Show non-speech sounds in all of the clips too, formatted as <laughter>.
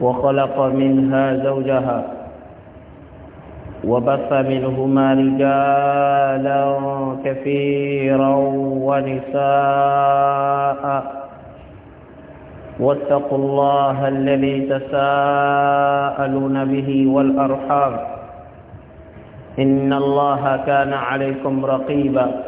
وخلق منها زوجها وبث منهما رجالا كثيرا ونساء واتقوا الله الذي تساءلون به والأرحام إن الله كان عليكم رقيباً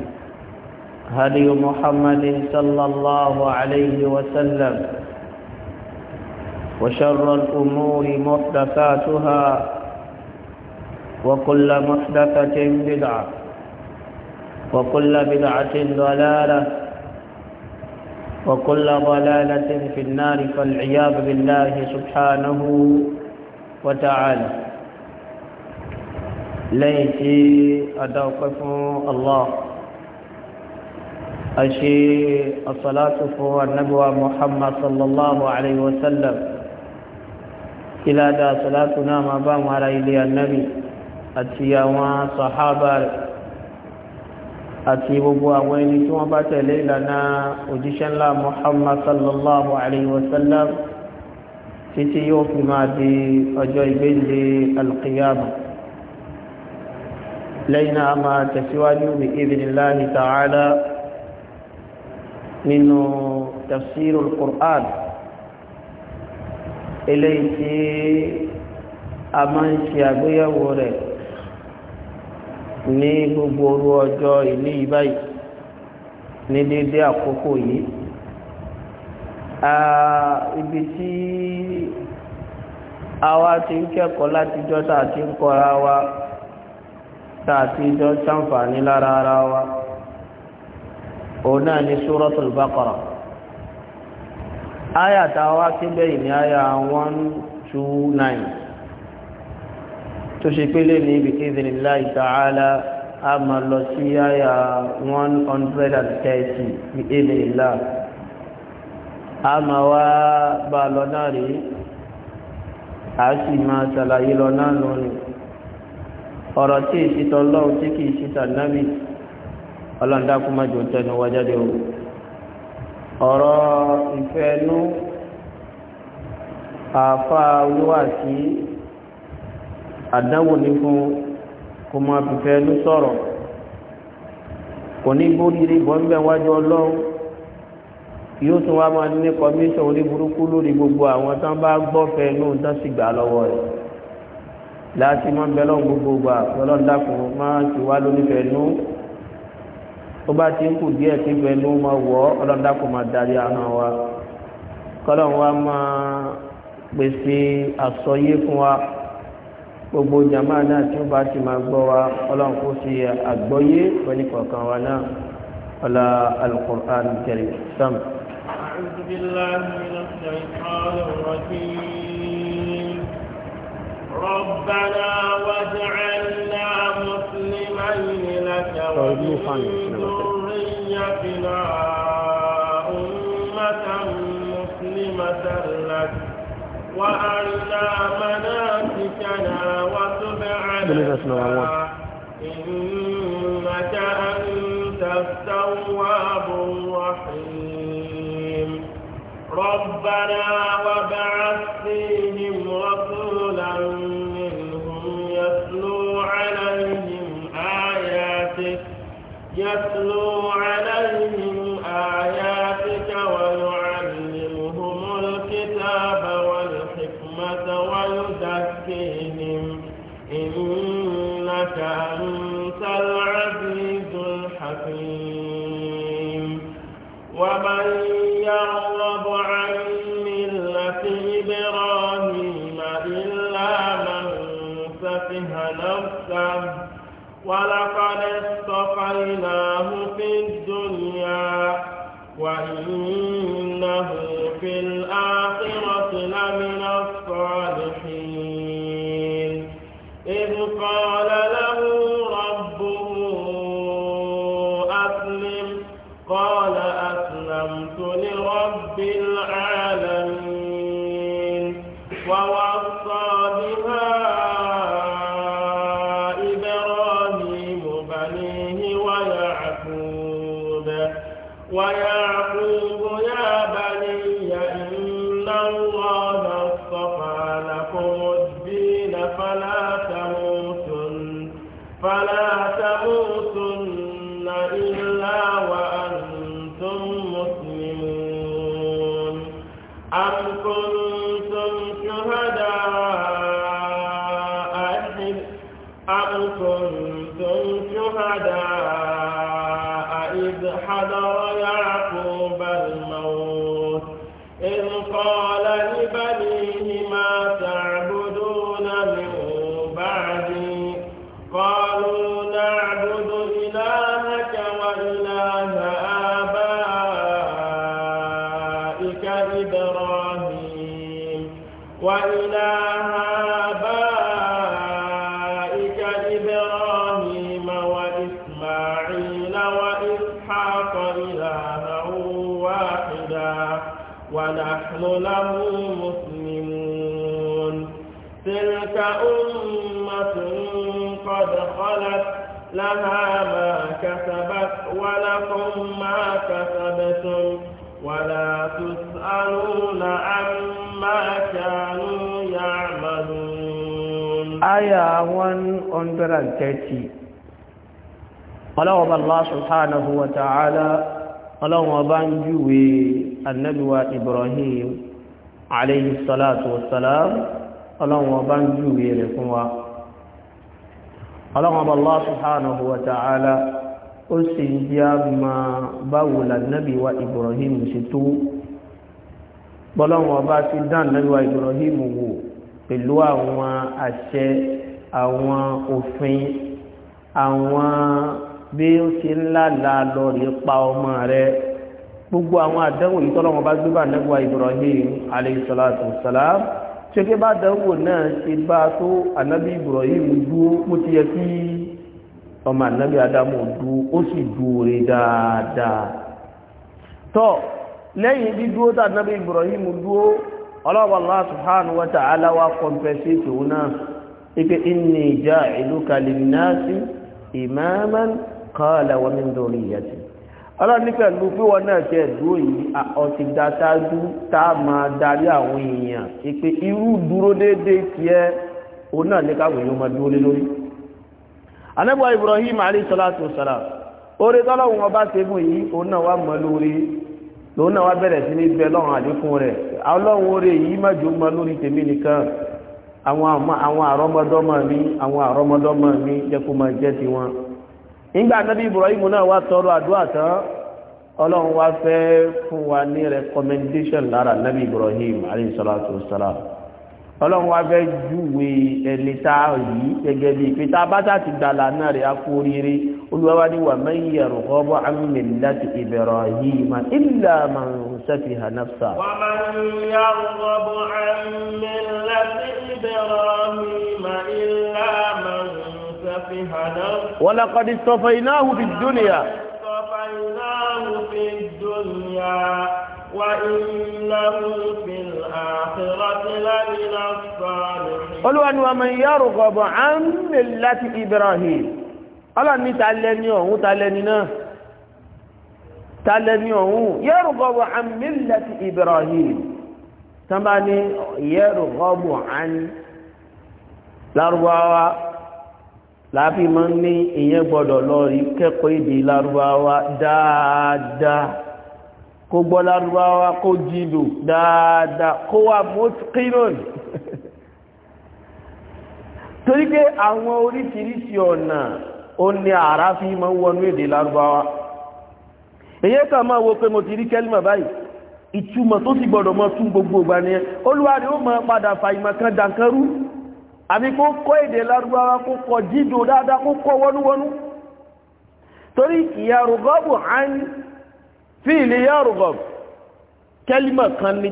هدي محمد صلى الله عليه وسلم وشر الأمور محدثاتها وكل محدثة بدعة وكل بدعة ضلالة وكل ضلالة في النار فالعياذ بالله سبحانه وتعالى ليتي أدوقف الله أشي الصلاة فهو النبوة محمد صلى الله عليه وسلم إلى دا صلاتنا ما بام على إلي النبي أتيا وصحابة àti gbogbo àwọn ẹni tí wọ́n bá tẹ̀lé ìlànà òjíṣẹ́ ńlá Muhammad sallallahu alayhi wa sallam títí yóò fi máa di ọjọ́ ìgbéǹde alqiyama lẹ́yìn náà a máa tẹ̀síwájú bí idhnillahi ta'ala nínú tafsirul Qur'an eléyìí tí a máa ń ṣe àgbéyẹ̀wò rẹ̀ ní gbogbo òru ọjọ́ ìní yìí báyìí ní dédé àkókò yìí ibi tí àwa ti ń kẹ́kọ̀ọ́ látijọ́ tá a ti ń kọ́ra wa tá a ti jọ ṣàǹfààní lára ara wa òun náà ni Suratul Baqara áyà táwa kébẹ̀ ìní áyà 129 tó ṣe pélé ní ibi iznillahi ta'ala a ma lọ sí áyà 130 ní ilẹ̀ ìlà a ma wá bá lọ náà rí a sì máa ṣàlàyé lọ náà lónìí ọlọ́ndà kó má jò ń tẹnu wá jáde o ọ̀rọ̀ ìfẹ́nu àfa olúwàsí àdánwò ní fún kó má fìfẹ́nu sọ̀rọ̀ kò ní bóríire bọ́ńbẹ́ wájú ọlọ́run yóò tún wá máa ní kọmíṣọ̀ orí burúkú lórí gbogbo àwọn tán bá gbọ́fẹ́ inú tán sì gbà lọ́wọ́ rẹ̀ láti máa ń bẹ lọ́n gbogbo gbà lọ́lọ́dàkùn máa ti wá lónífẹ̀ẹ́ inú tó bá ti ń kù díẹ̀ tí pẹ̀lú máa wọ̀ ọ́ ọlọ́dàkùn máa darí ahọ́n wa kọ́lọ̀ wa máa pèsè àsọyé fún wa gbogbo jàmá náà tí ó bá ti máa gbọ́ wa ọlọ́run kó ṣe àgbọ́yé pẹ̀lú kọ̀ọ̀kan wa náà ọlá al-Qur'an al sam. ربنا واجعلنا مسلمين ومن ذريتنا أمة مسلمة لك وأرنا مناسكنا وتب علينا إنك أنت التواب الرحيم ربنا وابعث فيهم رسولا يتلو عليهم وَرَفَعْنَاهُ فِي الدُّنْيَا وَإِنَّهُ فِي الْآخِرَةِ ويعقوب يا àyà 130 ọlọ́wọ́ba Allah subhanahu wa ta'ala ọlọ́wọ́ba ń júwe annabiwa Ibrahim alayhi salatu wassalam ọlọ́wọ́ba ń júwe rẹ̀ fún wa ọlọ́wọ́ba Allah subhanahu wa ta'ala ó sì ń jẹ́ àmà báwo lànàbíwa Ibrahim ṣe tó bọ́lọ́wọ́ba ti dán nàbíwa Ibrahim wò pẹ̀lú àwọn àṣẹ àwọn òfin àwọn bí ó ṣe ńlá la lọ rí pa ọmọ rẹ gbogbo àwọn àdánwò yìí tọ́lọ́wọ́n bá gbé bá nẹ́gbà Ibrahim alayhi salatu wassalam ṣeke bá dánwò náà ṣe bá tó ànábì Ibrahim dúó ó ti yẹ kí ọmọ ànábì Adamu dúó ó sì dúó rí dáadáa tọ́ lẹ́yìn dídúó tá ànábì Ibrahim dúó ọlọ́wọ́ Allah subhanahu wa ta'ala wa kọmpẹsíkì wọn náà ike inni ja'iluka linnasi imaman qala wa min dhurriyyati ọlọ́ni pẹ̀lú pé wọ́n náà ṣe ẹ̀dúró yìí ọ̀sìn dáṣáájú tá a máa darí àwọn èèyàn ìpè irú dúró déédéé tiẹ̀ òun náà ní káwọn èèyàn máa dúró lé lórí. anábọ̀ Ibrahim alayhi salatu wassalam oore tọ́lọ́hun ọba ṣe yìí òun náà wà mọ́ lórí lòun náà wá bẹ̀rẹ̀ sí ní bẹ lọ́rùn àdínkùn rẹ̀ ọlọ́run rè èyí má jò mọ lórí tèmi nìkan àwọn àrọ́mọdọ́mọ mi àwọn àrọ́mọdọ́mọ mi jẹ́ kó máa jẹ́ ti wọn nígbà nábì náà wá tọrọ àdúrà tán ọlọ́run wá fẹ́ fún wa ní recommendation lára Ibrahim a yí gẹ́gẹ́ bíi ulwawani wà man yarghabu an millati Ibrahima illa man safiha nafsa. wa man yarghabu an millati Ibrahima illa man safiha nafsa. wa laqad istafaynahu fid dunya. istafaynahu fid dunya olùwàní wa man yarghabu an millati Ibrahima. ọlọ́run ní ta lẹ́ni ọ̀hún ta lẹ́ni náà ta lẹ́ni ọ̀hún yarghabu an millati Ibrahim tánbà ní yarghabu an lárúbáwá láàfin máa ń ní ìyẹn gbọ́dọ̀ lọ rí kẹ́kọ̀ọ́ èdè lárúbáwá dáadáa kó gbọ́ lárúbáwá kó jìlò dáadáa kó wà mọ́tíkínòn <laughs> torí pé àwọn oríṣiríṣi ọ̀nà ó ní ara fi mọ́ wọnú èdè lárúbáwá èyí kà máa wo pé mo ti rí kẹ́límà báyìí ìtumọ̀ tó sì gbọ́dọ̀ mọ́ tún gbogbo ìgbà ni olúwarí ó mọ padà fa ìmọ̀kan dànkanrú kó kọ́ èdè lárúbáwá kó kọ jídò dáadáa kó kọ́ wọnúwọnú fi kelima kan ni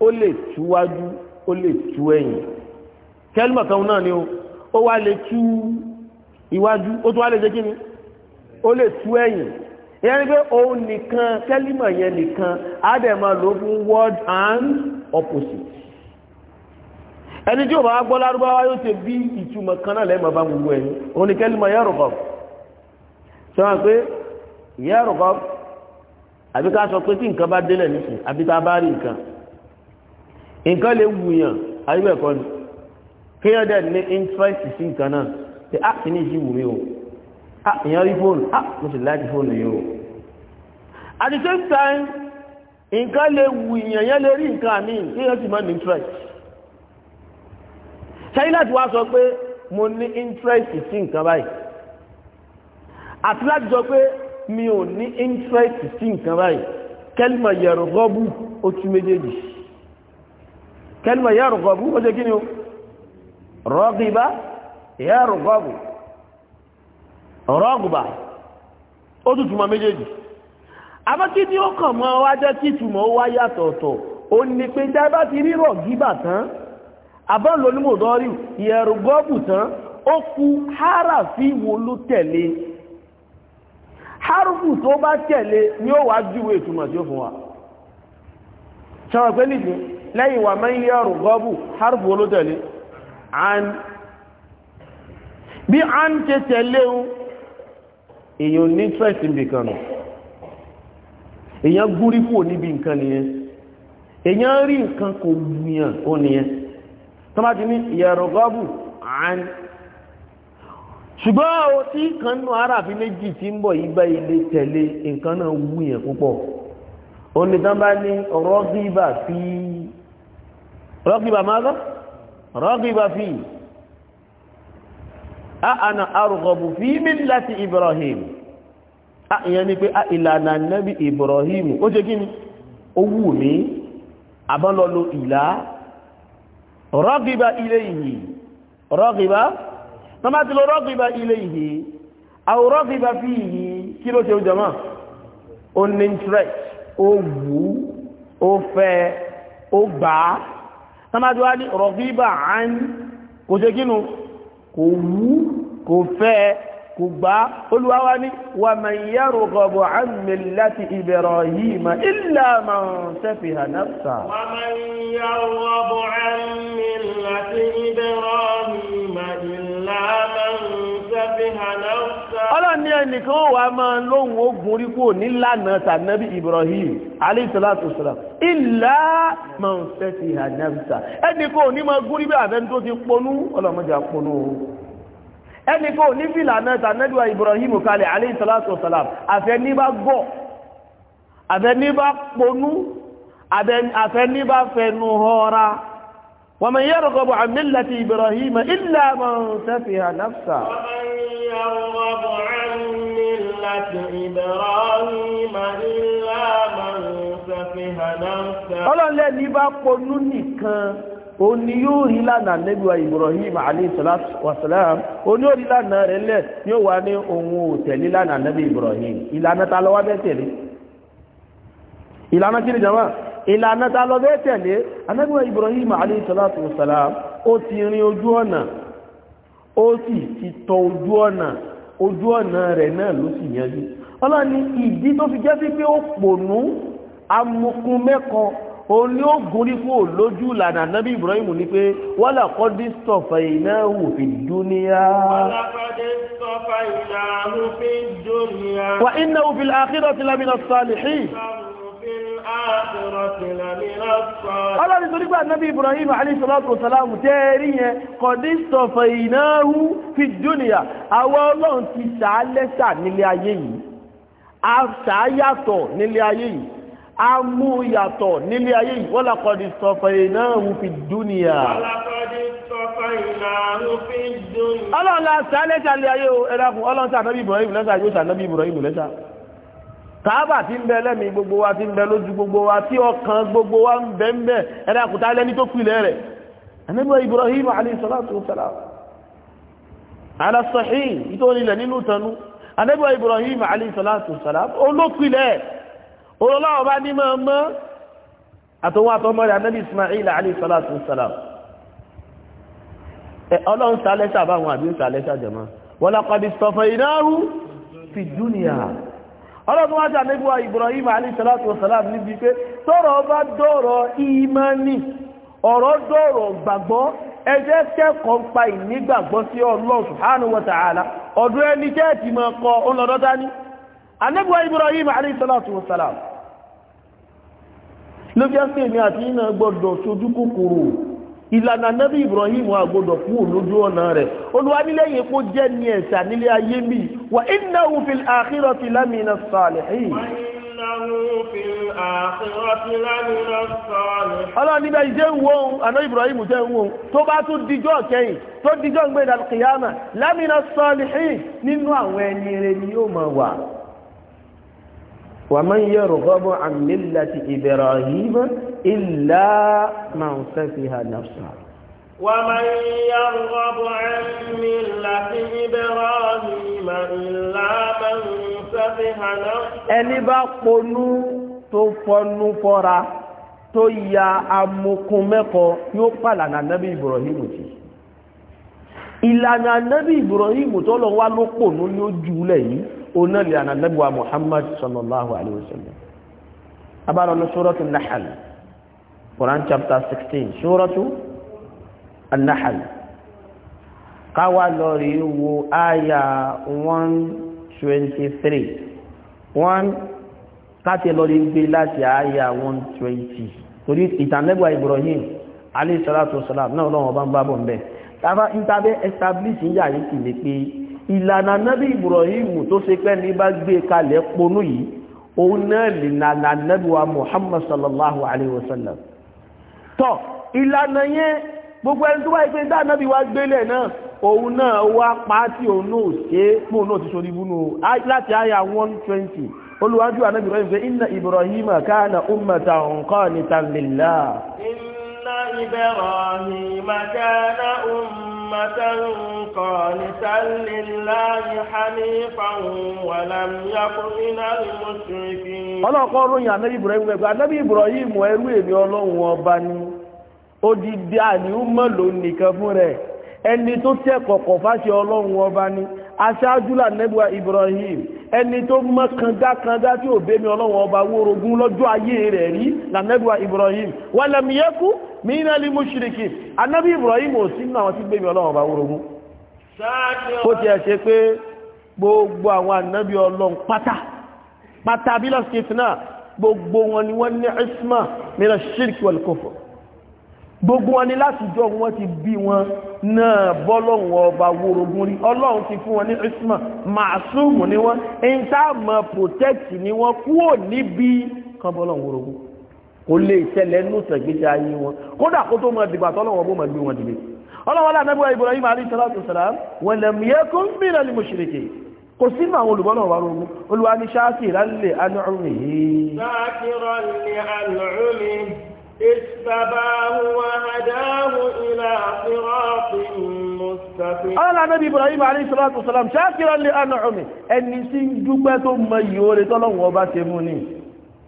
o le o le ó wá lè iwájú ó tún wá lè ṣe kí ni ó lè tú ẹ̀yìn ìyẹn ni pé òun nìkan kẹ́límọ̀ yẹn nìkan á dẹ̀ máa lò fún word and opposite ẹni tí ó bá gbọ́ lárúbáwá yóò ṣe bí ìtumọ̀ kan náà lẹ́mọ̀ bá gbogbo ẹ̀yìn òun ni kẹ́límọ̀ yarghab sọ wọn pé yarghab àbí ká sọ pé tí nǹkan bá délẹ̀ nísìn àbí tá bá rí nǹkan nǹkan lè wùyàn àyíbẹ̀kọ́ ni kéèyàn dẹ̀ ní interest sí nǹkan náà pé á ah, kì ní ìṣíwù mi o á ah, èèyàn rí fóònù á ah, mo sì láti fóònù yìí o at the same time nǹkan lè wù èèyàn yẹn lè rí nǹkan àmì èèyàn sì máa ní interest ṣáyé láti wá sọ pé mo ní interest sí nǹkan báyìí àti láti sọ pé mi ò ní interest sí nǹkan báyìí kẹ́lìmọ̀ yẹ̀rọ̀ gọ́bù ó tún méjèèjì kẹ́lìmọ̀ yẹ̀rọ̀ gọ́bù ó ṣe kí ni o rọ́gìbá yarghabu ragba ó tún túmọ̀ méjèèjì abákí ní ó mọ́ wá jẹ́ kí túmọ̀ ó wá yàtọ̀ọ̀tọ̀ ó ní pé ti rí rọ̀gíbà tán abọ́nlò ní mọ̀dọ́rí yarghabu tán ó kú háràfí wo ló tẹ̀lé hárùfù tó bá ni ó wá wa pé nìkan lẹ́yìn wà bí a ń ṣe tẹ̀lé o èèyàn ní stress nìkan nù èèyàn gúrí kúrò níbi nǹkan nìyẹn èèyàn rí nǹkan kò wùyàn ó nìyẹn tó bá ti ní ìyàrọ̀gọ́bù àn ṣùgbọ́n o tí kan nù aráàfin méjì tí ń bọ̀ yí bá ilé tẹ̀lé nǹkan náà wùyàn púpọ̀ ó ní tán bá ní rọ́gìbà fi rọ́gìbà máa rọ́gìbà fi ana arghabu fi millati ibrahim a ìyẹn ni pé a ìlànà nabi ibrahim ó ṣe kíni ó wù mí aban lo lo ila ragiba ilayhi ragiba tama ti lo ragiba ilayhi aw ragiba fihi kí ló ṣe o jama on interest ó wù ó fẹ́ ó gbà tama ti wa ni ragiba an kò ṣe kíni kò wú kò fẹ́ kò gbá Olúwa wa ní wa man yarghabu an millati Ibrahima illa man safiha nafsa. wa man yarghabu an millati Ibrahima illa man. ọlọ́run ní ẹnìkan ó wà máa lóhun ogun orí kúrò nílànà tànàbí Ibrahim aléìsàlátù sàlám ìlà máa ń fẹ́ ti hànáfíà ẹnìkan ò ní máa gúrí bí àfẹ́ tó ti ponú ọlọ́mọdé àponú ẹnìkan ò ní fìlànà tànàbí ومن يرغب عن ملة إبراهيم إلا من سفه نفسه ومن يرغب عن ملة إبراهيم إلا من سفه نفسه ọlọ́run lẹ́ni bá ponú nìkan ó ní yóò rí lánàá Ànábì wa Ibrahim alayhi salatu wa salam ó ní ó rí lánàá rẹ̀ lẹ̀ yóò wá ní òun ò tẹ̀lé lánàá Ànábì Ibrahim ìlànà ta ló wá bẹ́ẹ̀ tẹ̀lé ìlànà kí ni jama ìlànà ta lọ bẹ́ẹ̀ tẹ̀lé anábíwá Ibrahim alayhi salatu wasalam ó ti rin ojú ọ̀nà ó sì ti tọ ojú ọ̀nà ojú ọ̀nà rẹ̀ náà ló sì yanjú ọlọ́ni ìdí tó fi jẹ́ sí pé ó pònú amukun mẹ́kọ òun ni ó gúnrí fún olójú ìlànà nábì Ibrahim ní pé wọ́n là kọ́ dí sọ̀fà iná wò fi dúníyà wà iná òfin àkírọ̀ ti lámìnà sálìhìn ọlọ́run tó nígbà náà bí Ibrahim alayhisalatu wasalamu tẹ́ẹ̀rí yẹn kọ̀dí sọ̀fẹ̀ ìnáhú fi dúnìyà àwọn ọlọ́run ti sàálẹ́sà nílé ayé yìí a sàáyàtọ̀ nílé ayé yìí a mú yàtọ̀ nílé ayé yìí wọ́n lakọ̀dí sọ̀fẹ̀ ìnáhú fi dúnìyà ọlọ́run la sàálẹ́sà nílé ayé o ẹ̀dàkùn ọlọ́run sàánábí Ibrahim lẹ́sà yóò sàánábí Ibrahim lẹ́sà sàábà tí ń bẹ lẹ́mí gbogbo wa tí ń bẹ lójú gbogbo wa tí ọkàn gbogbo wa ń bẹ ń bẹ ẹ̀dá kùtà lẹ́ni tó pìlẹ̀ rẹ̀ ẹ̀nẹ́bọ̀ Ibrahim aleyhisọ́látùsọ́lá alásọ̀hí ìtònílẹ̀ nínú tanú ẹ̀nẹ́bọ̀ Ibrahim aleyhisọ́látùsọ́lá olópìlẹ̀ olóláwọ̀ bá ní mọ́ àtọwọ́ àtọmọ́ rẹ̀ anẹ́bí Ismail aleyhisọ́látùsọ́lá ọlọ́run sálẹ́sà báwọn àbí sálẹ́sà jẹ̀mọ́ wọ́n lápàdé sọfẹ́ ìnáhù fi dúnìyà ọlọ́run wájú àlébúwa Ibrahim alayhisalatu wasalam níbi pé tọ́rọ̀ bá dọ̀rọ̀ ìmánì ọ̀rọ̀ dọ̀rọ̀ gbàgbọ́ ẹjẹ́ kẹ́kọ̀ọ́ ń pa ìnígbàgbọ́ sí Ọlọ́run subhanahu wa ta'ala ọdún Ibrahim ìlànà nábì ibrahim àgbọ́dọ̀ kúrò lójú ọ̀nà rẹ̀ olúwa nílẹ̀yìn kó jẹ́ ní ẹ̀sà nílé ayé mi wà innahu fil akhirati lamina salihin ọlọ́run níbẹ̀ ìjẹ́ ń wo àná ibrahim jẹ́ ń wo tó bá tún dijọ́ kẹ́yìn tó dijọ́ ń gbé ìdàlùkìyàmà lamina salihin nínú àwọn ẹni rẹ̀ ni yóò máa wà ومن يرغب عن ملة إبراهيم إلا من سفه نفسه ومن يرغب عن ملة إبراهيم إلا من سفه نفسه ẹni bá ponú tó fọnú fọ́ra tó ya amukun mẹ́kọ yóò pàlànà nábì Ibrahim tí ìlànà nábì Ibrahim tó lọ wá ló pònú ní ó jùlẹ̀ yìí ona ni anabi wa muhammad sallallahu alaihi wasallam abara no suratu an-nahl quran chapter 16 suratu an-nahl ká wá lọ rí wo aya 123 1 ká ti lọ rí gbé láti aya 120 torí ìtànẹ́gbà ibrahim alayhi salatu wasalam náà lọ́wọ́ bá ń bábọ̀ ń bẹ̀ tàbí establish ìyá yìí kì ní ìlànà nábì Ibrahim tó ṣe pé ní bá gbé kalẹ̀ ponú yìí òun náà lìlànà nábì wa Muhammad sallallahu alayhi wa sallam tọ́ ìlànà yẹn gbogbo ẹni tó wáyé pé dá nábì wá gbélẹ̀ náà òun náà wá pàátì òun náà ṣe pò náà ti ṣorí búnú láti àyà 120 olùwájú ànábì Ibrahim fẹ́ inna Ibrahim kana ummatan qanitan lillah إبراهيم كان أمة قانتا لله حنيفا ولم يكن من المشركين ọlọ́kọ́ ròyìn anábì ibrahim ẹgbẹ́ anábì ibrahim ẹrú èmi ọlọ́run ọba ni odidi àníúmọ̀ ló nìkan fún rẹ̀ ẹni tó tẹ́ kọ̀kọ̀ fáṣẹ ọlọ́run ọba ni aṣáájú lànẹ́bùwà Ibrahim ẹni tó mọ́ kangakanga tí ò bẹ́mi ọlọ́wọ́ ọba wórogún lọ́jọ́ ayé rẹ̀ rí lànẹ́bùwà Ibrahim walam yaku minal mushrikin anabi Ibrahim ò sí náà tí bẹ́mi ọlọ́wọ́ ọba wórogún ó ti ẹ̀ ṣe pé gbogbo àwọn anábì ọlọ́run pátá pátá bí lọ́sìtì náà gbogbo wọn ni wọ́n ní isma mina shirk wal kufr gbogbo wọn ni láti jọ wọn ti bí wọn náà bọ́lọ́wọ́ ọba wórogún rí ọlọ́run ti fún wọn ní isma màásùmù ni wọ́n intaama protect ni wọ́n kúrò níbi kan bọ́lọ́wọ́ wórogún kò lè ṣẹlẹ̀ ní ìtẹ̀gbẹ́jẹ ayé wọn kódà kó tó mọ dìgbà tọ́lọ́wọ́ bó mọ gbé wọn dìde ọlọ́wọ́ lànàbí wa Ibrahim alayhi salatu salam walam yakun mina al mushriki kò sí ní àwọn olùbọ́nà wà rọrùn olùwà ní ṣáàkì ìrànlẹ̀ anúrùn yìí Ọlọ́lá Nàbí Ibrahim Alayhi Salatu Wasalam, ṣákìrọ̀ lè ánà ọmọ ẹni tí ń dúpẹ́ tó mọ ìyóòrè tọ́lọ́wọ́ bá ṣe mú ní.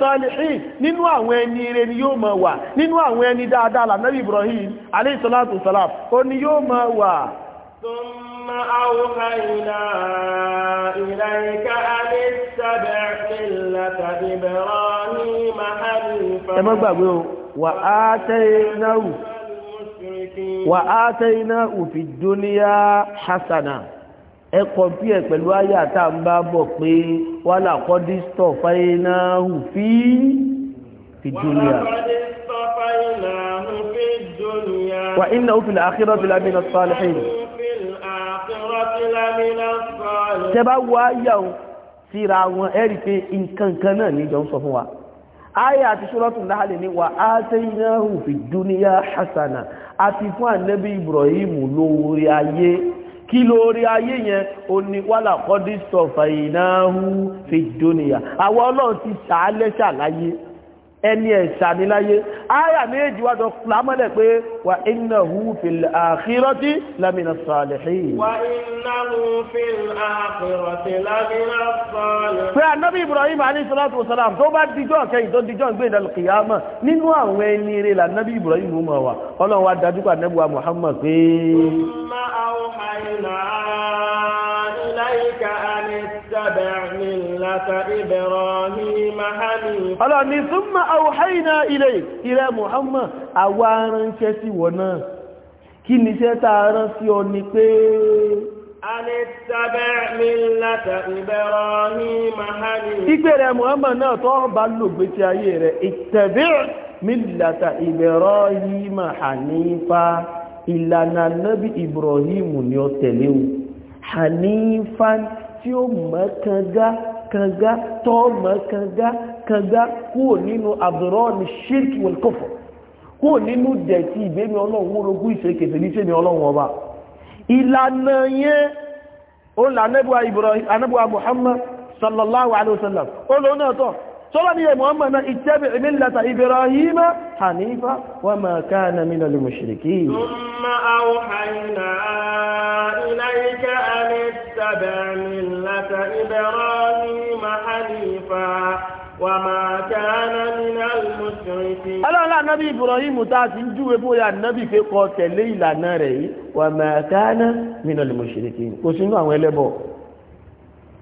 salihin nínú àwọn ẹni ire ni yóò máa wà nínú àwọn ẹni dáadáa lànàbí Ibrahim alayhi salatu salam ó ní yóò máa wà ثم أوحينا إليك أن اتبع ملة إبراهيم حنيفا ẹ má gbàgbé o وآتيناه وآتيناه في الدنيا حسنة ẹ kọ̀mpí ẹ̀ pẹ̀lú àyà tá à ń bá bọ̀ pé wà lákọ́dí stọ̀ fáyínà hù fí fìdúnìyà wà iná òfin àkírọ̀ ti lámìnà sọ́lẹ̀hìn tẹ́ bá wọ àyà síra wọn ẹ rí pé nǹkan kan náà níjọ ń sọ fún wa àyà àti ṣúrọ́tù láhàlì ní wà á tẹ́yìnà hù fìdúnìyà hasana àti fún ànẹ́bí Ibrahim lówórí ayé kí lórí ayé yẹn ó ní wàhálà kọ́dí sọ̀fà ìnáhù fi dóníyà àwọn ọlọ́run ti ṣàálẹ́ṣà láyé ẹni ẹ̀ṣà ní láyé ayà méjì wá sọ flamọ́lẹ̀ pé wà innahu fil akhirati lamina salihin wà innahu fil akhirati lamina salihin pé anábì ibrahim alayhi salatu wasalam tó bá díjọ́ kẹyìn tó díjọ́ gbé ìdàlù kìyàmà nínú àwọn ẹni rẹ̀ lànábì ibrahim mọ̀ wà ọlọ́run wá dájú pà nẹ́bùwà muhammad pé millata Ibrahim hanifa. ọlọ́ni thumma awhayna ilayk ìrẹ́ Muhammad àwa ránṣẹ́ sí wọ náà kí ni iṣẹ́ tá a rán sí ọ ni pé Ìgbèrè Muhammad náà tó bá lò gbé ìlànà nábi Ibrahim ni ó tẹ̀lé o. Hanifan tí ó mọ́kànlá kànga tọ́ọ̀mọ̀ kànga kànga kúrò nínú àbúrọ́ ní shirk wal kufr kúrò nínú dẹ̀tí ìbẹ́mi ọlọ́run orogún ìṣẹ́kẹsẹ̀ ní sẹ́mi ọlọ́run ọba ìlànà yẹn ó là anábíwá Muhammad sallallahu alaihi wasallam ó lọ náà tọ́ صلاني يا محمد اتبع ملة إبراهيم حنيفة وما كان من المشركين ثم أوحينا إليك أن اتبع ملة إبراهيم حنيفا وما كان من المشركين ألا لا نبي إبراهيم تاسم جوه بويا النبي في قتل ليلة ناري وما كان من المشركين وشنو أولي بو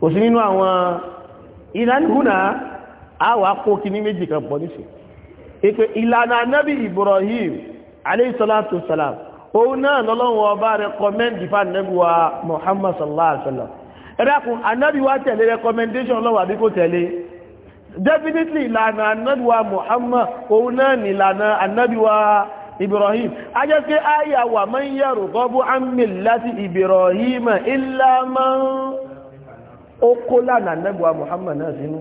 وشنو أولي إذن هنا àwa kó kíní méjì kan pọ̀ níṣẹ́ ìpè ìlànà anábì Ibrahim aleyhisalatu salam òun náà lọ́lọ́wọ́ ọba rẹkọmẹ́ndì fún anábì wa Muhammad sallallahu alaihi wasallam ẹ̀dàkùn anábì wa tẹ̀lé rẹkọmẹ́ndéṣọ̀n lọ́wọ́ àbí kò tẹ̀lé definitely ìlànà anábì wa Muhammad òun náà ní ìlànà anábì wa Ibrahim ajẹ́ pé ayà wà mọ́ ń yẹ̀rù gọ́bú ámì láti Ibrahim ìlàmọ́ ó anábì wa Muhammad náà sínú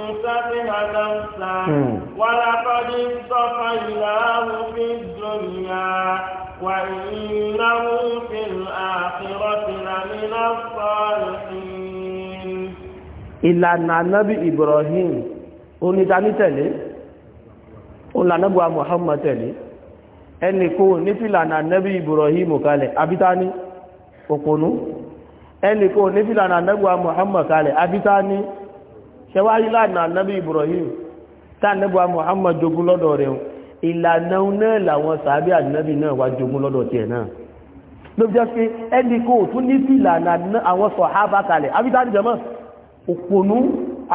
سفهة hmm. نفسه ìlànà anábì ibrahim onítànítẹ̀lé olànàbùwà muhammad tẹ̀lé ẹni ní fìlànà anábì ibrahim kalẹ̀ abítání òpónú ẹni ní fìlànà muhammad kalẹ̀ abítání ṣẹwáyí láàrin ànábì Ibrahim tánàbà Muhammad jogun lọ́dọ̀ rẹ̀ ìlànà náà làwọn sàábí ànábì náà wá jogun lọ́dọ̀ tiẹ̀ náà ló jẹ́ pé ẹni kò tún ní sí ìlànà àwọn sọ̀hábà kalẹ̀ abídáni òpònú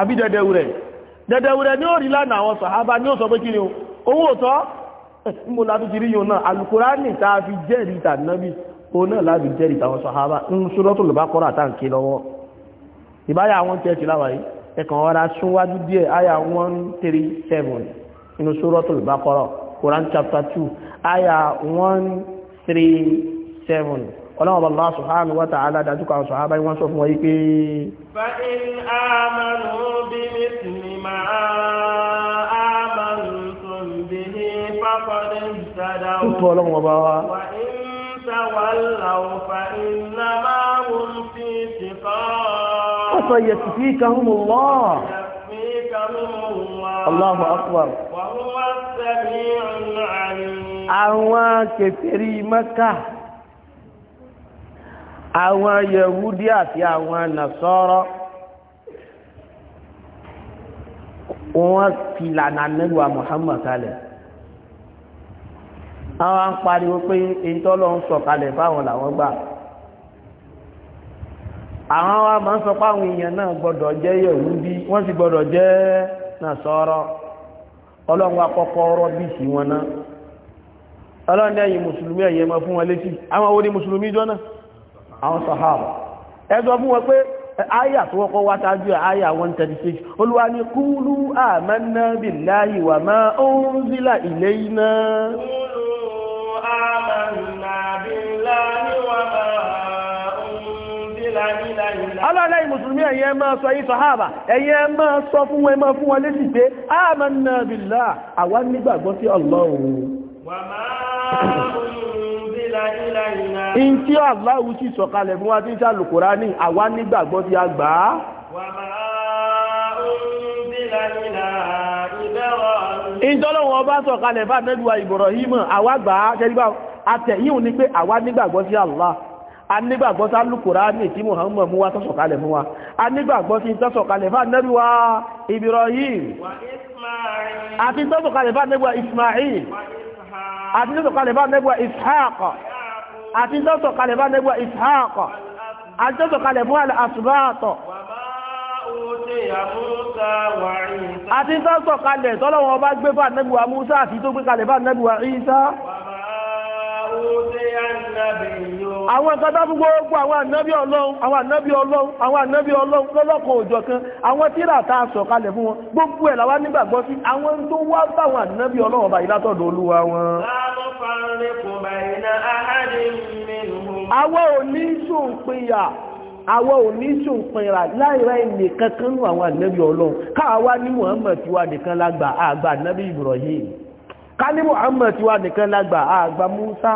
abídẹ́dẹ́wù ní àwọn sọ̀hábà ní sọ pé kí ni owó a ìbáyà àwọn tẹ́ẹ̀tì láwàá yìí ẹ̀kàn ọ̀rá súnwájú díẹ̀ àyà 137 inú Suratul Baqara Quran chapter 2 àyà 137 ọlọ́wọ́ Allah subhanahu wa ta'ala dájú kan sọ̀hábá wọ́n sọ fún wọ́n yí pé fa in amanu bi تولوا فإنما هم في شقاق فسيكفيكهم الله الله أكبر وهو السميع العليم àwọn kèfèrí Mẹ́kà àwọn Yahudi àti àwọn Nasara wọ́n fi lànà Ànábì kalẹ̀ àwọn à ń pariwo pé èyí tó lọ ń sọ̀kalẹ̀ fáwọn làwọn gbà àwọn wa máa ń sọ pé àwọn èèyàn náà gbọ́dọ̀ jẹ́ Yẹhudi wọ́n sì gbọ́dọ̀ jẹ́ Nasara ọlọ́run akọ́kọ́ rọ́bìsì wọn náà ọlọ́run ẹ̀yin mùsùlùmí ẹ̀yẹ ma fún wọn létí àwọn orí mùsùlùmí jọ́nà àwọn sàhábà ẹgbọ́ fún wọn pé àyà tó wọ́kọ́ wá tájú àyà 136 olúwa ní kúlú amanna billahi wa ma unzila ilayna aláì mùsùlùmí ẹ̀yẹ máa sọ yí sọ̀háàbà ẹ̀yẹ máa sọ fún wọn máa fún wọn létí pé amanna billah àwa nígbàgbọ́ sí ọlọ́run wa ma unzila ilayna in tí aláwù sì sọ̀kalẹ̀ fún wa tí ń sàlùkùrá ní àwa nígbàgbọ́ sí àgbà wa ma unzila ila ìjọlọ́wọ́ bá sọ̀kalẹ̀ bá nẹ́gbà Ibrahim àwa gbà á tẹ́rígbà àtẹ̀yìn ni pé àwa nígbàgbọ́ sí Allah a nígbàgbọ́ sí alukùránì tí Muhammad mú wá tó sọ̀kalẹ̀ fún wa a nígbàgbọ́ sí tó sọ̀kalẹ̀ fún Ànábì Ibrahim àti tó sọ̀kalẹ̀ fún Ànábì Ismail àti tó sọ̀kalẹ̀ fún Ànábì wa Ishaq àti tó sọ̀kalẹ̀ fún Ànábì wa Ishaq àti tó sọ̀kalẹ̀ fún al àti tó sọ̀kalẹ̀ tọ́lọ́wọ́ bá gbé fún Ànábì Musa àti tó gbé Isa àwọn nǹkan tó fún gbogbo àwọn ànábí ọlọ́run àwọn ànábí ọlọ́run àwọn ànábí ọlọ́run lọ́lọ́kan òjọ̀ kan àwọn tíra tá a sọ̀kalẹ̀ fún wọn gbogbo ẹ̀ làwa nígbàgbọ́ sí àwọn tó wá báwọn ànábí ọlọ́run báyìí látọ̀dọ̀ olúwa wọn. àwọn ò ní sòpinya àwọn ò ní sòpinya láìra ilé kankan nù àwọn ànábí ọlọ́run káwa ní Muhammad tiwa nìkan lágbà àgbà ànábí Ibrahim ká ní Muhammad tiwa nìkan lágbà àgbà Musa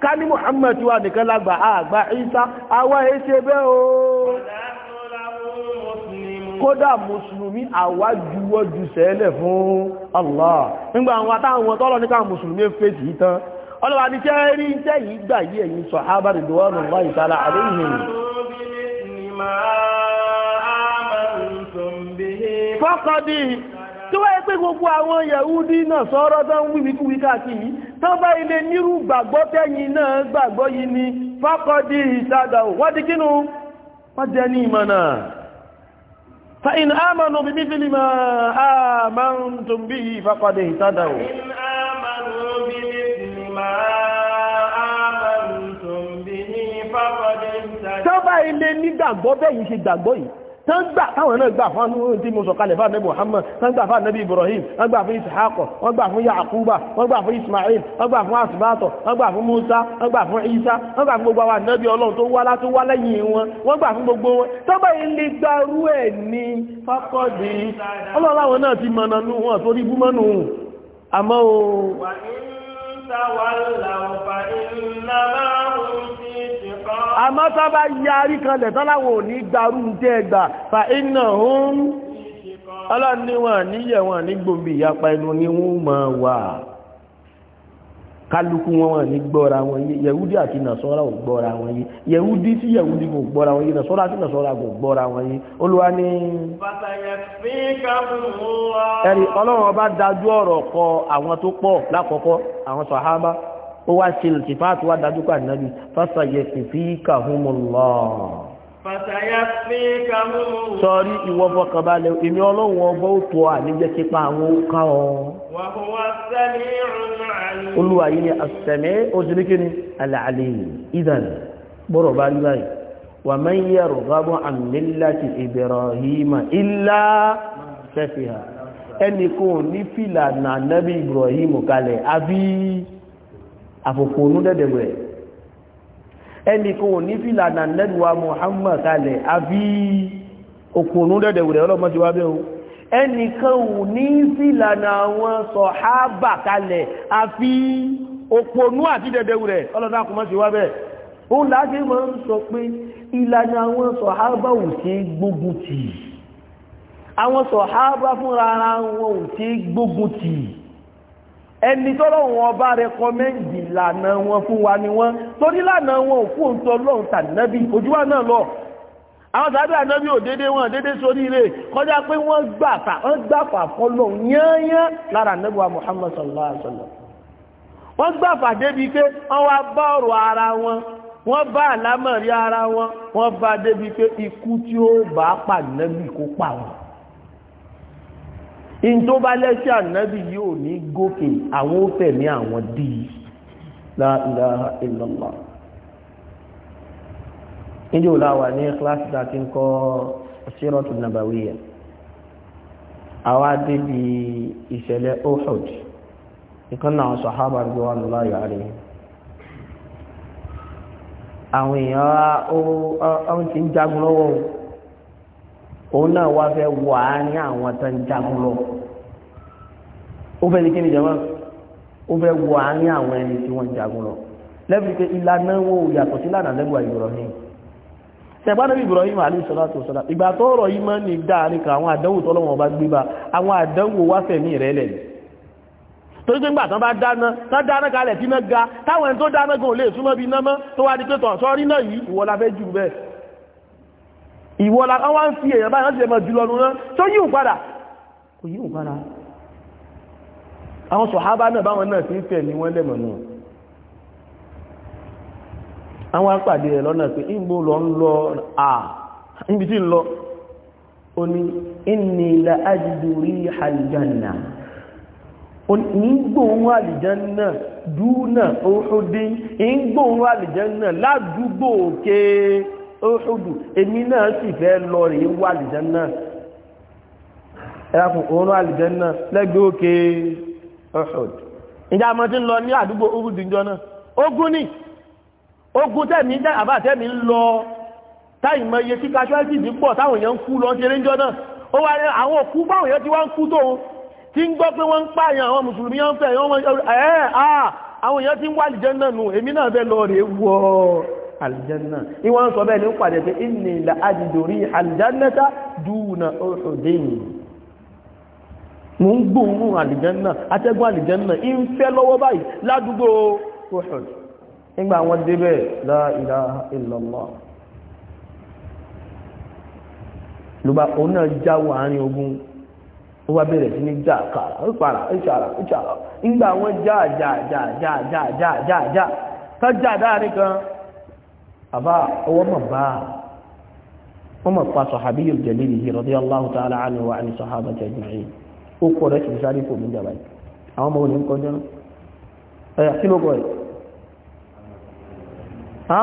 ká ní Muhammad tiwa nìkan lágbà àgbà Isa awa ẹ ṣe bẹ́ẹ̀ o kódà mùsùlùmí àwa juwọ́ ju sẹ́lẹ̀ fún Allah nígbà àwọn àtàwọn tọ́lọ ní káà mùsùlùmí fèsì tán ọlọ́wà ní tẹ́ rí tẹ́ yìí gbà yí ẹ̀yìn sọ ábàdì dọ́wọ́nù láì sára àríyìn fọ́kọ́dì tó wáyé pé gbogbo àwọn Yahudi náà sọ̀rọ̀ tó ń wíwíkúwí káàkiri tó bá ilé nírú gbàgbọ́ tẹ́yìn náà gbàgbọ́ yìí ni fákọ́dí ìsádà wọ́n di kínú wọ́n jẹ́ ní ìmọ̀nà tó bá ilé nígbàgbọ́ bẹ́yìn ṣe gbàgbọ́ yìí tán gbà táwọn náà gbà fún tí mo sọ̀kalẹ̀ fún ànábì Muhammad tán gbà fún ànábì Ibrahim wọ́n gbà fún Ishaq wọ́n gbà fún Yaquba wọ́n gbà fún Ismail wọ́n gbà fún asibato wọ́n gbà fún Musa wọ́n gbà fún Isa wọ́n gbà fún gbogbo àwọn ànábì Ọlọ́run tó wá látó wá lẹ́yìn wọn wọ́n gbà fún gbogbo wọn tó ilé gbarú ẹ̀ ní fákọ́dé Ọlọ́run náà ti mọ̀nà nù wọn torí búmọ́nù àmọ́ o àmọ́ tó bá yarí kanlẹ̀ tó láwọn ò ní gbarú jẹ́ ẹgbà fa iná hún ọlọ́ni wọn níyẹ̀ wọn ní gbòmí ìyapa ẹnu ni wọ́n máa wà kálukú wọn wọn ní gbọ́ra wọn yé yẹ̀wúdí àti nàṣọ́ra ò gbọ́ra wọn yé yẹ̀wúdí sí yẹ̀wúdí kò gbọ́ra wọn yé nàṣọ́ra sí nàṣọ́ra kò gbọ́ra wọn yé olúwa ní. ẹ̀rí ọlọ́run ọba dájú ọ̀rọ̀ kọ àwọn tó pọ̀ lákọ̀ọ́kọ́ àwọn sàhábà ó wá ṣe lùtìfáàtì wá dájú kọ ànábì fásitì yẹ fìfì kàhùnmùlọ́ọ̀ sọ́rí ìwọ fọkànbalẹ̀ èmi ọlọ́run ọgbọ́ òtò àníjẹ́ kípa àwọn òkà ọ̀ olúwa yìí ni àṣẹ̀mẹ́ òṣèlékè ni àlàálẹ̀ ìdàn gbọ́rọ̀ bá rí báyìí wà mẹ́ yẹ rọ̀gábù àmìlẹ́tì Ibrahima ilá sẹ́fìhà ẹnì kò ní fìlà nà nẹ́bí Ibrahim kalẹ̀ àbí àfòfònú dẹ́dẹ̀wẹ̀ ẹnìkan ò ní fìlànà nẹ́dùwà Muhammad kalẹ̀ àbí òkùnrún dẹ̀dẹ̀wẹ̀rẹ̀ ọlọ́mọdé wá bẹ́ o ẹnìkan ò ní fìlànà àwọn sọ̀hábà kalẹ̀ àfi òpònú àti dẹ̀dẹ̀wẹ̀rẹ̀ ọlọ́dàkùnmọ́sí wá bẹ́ o láti mọ́ ń sọ pé ìlànà àwọn sọ̀hábà ò sí gbógun tì àwọn sọ̀hábà fúnra wọn ẹni tọ́lọ́run ọba rẹkọmẹ́ǹdì lànà wọn fún wa ni wọ́n torí lànà wọn ò fún òǹtọ́ lọ́hùn tànàbí ojúwà náà lọ àwọn sábẹ́ ànábì ò dédé wọn dédé sórí rẹ̀ kọjá pé wọ́n gbà fà wọ́n gbà fà fọ́lọ̀ yányán lára ànábì wa Muhammad sallallahu alaihi wasallam wọ́n gbà fà débi pé wọ́n wá bá ọ̀rọ̀ ara wọn wọ́n bá àlámọ̀rí ara wọn wọ́n bá débi pé ikú tí ó bá pàdánù kó pa wọn in tó bá lẹ́sẹ̀ ànábì yóò ní gòkè àwọn ó fẹ̀mí àwọn dí la ilaha illallah níjẹ́ ò láwà ní kíláàsì tá a ti ń kọ́ sírọ́tù nàbàwíyà àwa débi ìṣẹ̀lẹ̀ Uhud ìkan náà sọ̀hábà gbé wà lọ́la yàrá àwọn èèyàn ó ti ń jagun lọ́wọ́ òun náà wá fẹ́ wọ àárín àwọn tó ń jagun lọ ó fẹ́ ní kí ni jẹ́ wọn ó fẹ́ wọ àárín àwọn ẹni tí wọ́n ń jagun lọ lẹ́bi pé ìlànà wo yàtọ̀ sí lànà lẹ́gbà Ibrahim sẹ̀gbọ́n Ibrahim alayhi salatu wa salam ìgbà tó rọ̀ yìí máa ń ní dáa ní kan àwọn àdánwò tọ́lọ́wọ́n bá gbé bá àwọn àdánwò wáfẹ̀ ní ìrẹ́lẹ̀ yìí torí pé ńgbà tán bá dáná tán dáná kalẹ̀ tí mẹ́ ga táwọn ẹni tó dáná gan lè súnmọ́ bí námọ́ tó wá di pé tọ̀ sọ́rí náà yìí ìwọ fẹ́ jù bẹ́ẹ̀ ìwọ la wá ń fi èèyàn báyìí láti ẹmọ jùlọ nù náà tó yíò padà kò yíò padà àwọn sọ̀hábá náà báwọn náà ti ń fẹ̀ ní wọ́n lẹ́mọ̀ náà àwọn apàdé rẹ̀ lọ́nà pé ìgbò lọ ń lọ à níbi tí ń lọ ó ní inni la ajidu riha aljanna ìgbòhun àlìjánà dúnà òhùdí ìgbòhun àlìjánà ládùúgbò kéé òṣòdù èmi náà sì fẹ́ lọ rí wà àlìjánná ẹ̀rọ òun àlìjánná lẹ́gbẹ̀ẹ́ òkè òṣòdù ìjà àmọ́ tí ń lọ ní àdúgbò òṣòdù ìjọ náà ogun ni ogun tẹ̀mí dẹ́ àbá tẹ̀mí ń lọ táìmọ̀ iye tí casualty ti pọ̀ táwọn èèyàn ń kú lọ ṣeré ńjọ náà ó wá rẹ àwọn òkú báwọn èèyàn ti wá ń kú tóun tí ń gbọ́ pé wọ́n ń pààyàn àwọn mùsùlùmí yẹn àwọn èèyàn ti ń wà lìjẹ́ náà nù èmi náà fẹ́ lọ rèé wọ́ọ́ aljanna ìwọ́n sọ bẹ́ẹ̀ ní pàdé pé inni la adìdórí aljannata dúnà òṣòdéyìn mo ń gbóòórùn aljanna atẹ́gùn aljanna ń fẹ́ lọ́wọ́ báyìí ládùúgbò òṣòdì nígbà wọn débẹ̀ la ilaha illallah lùbá òun náà jáwọ́ àárín ogun ó wá bẹ̀rẹ̀ sí ní já kàrà ó para ìṣàrà ìṣàrà nígbà wọn já já já já já já já já tó já dáa nìkan àbá ọwọ́ mọ̀ bá wọ́n mọ̀ pa sahabiyyul jalil yìí radiyallahu ta'ala anhu wa 'an sahabati ajma'in ó kọ̀ rẹ̀ ṣùgbọ́n sáré fòmí jàbá yìí àwọn ọmọ òní ń kọjá ẹ̀yà kí ló kọ̀ ẹ̀ ha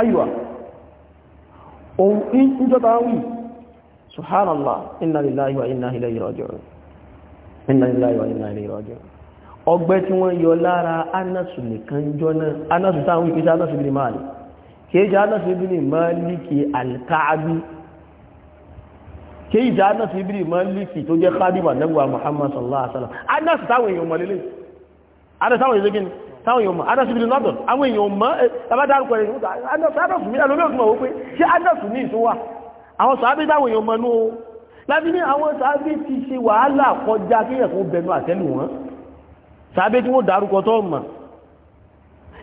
aywa ohun ìjọba wí subhanallah inna lillahi wa inna ilayhi raji'un inna lillahi wa inna ilayhi raji'un ọgbẹ́ tí wọ́n yọ lára anásù nìkan jọ náà anásù táwọn ìkéṣẹ́ anásù ibn Malik kéèjì anásù ibn Maliki al-Ka'bi kéèjì anásù ibn Maliki tó jẹ́ kádìmà nẹ́gbà Muhammad sallallahu alaihi wasallam anásù táwọn èèyàn mọ̀ lélẹ̀ anásù táwọn èèyàn mọ̀ táwọn èèyàn mọ̀ anásù ibn Nadr àwọn èèyàn mọ̀ tàbádárúkọ rẹ̀ láti ní àwọn sàábí ti ṣe wàhálà kọjá kéèyàn kó bẹnu àtẹ́lù wọn tàbí tí wọ́n dárúkọ tó mọ̀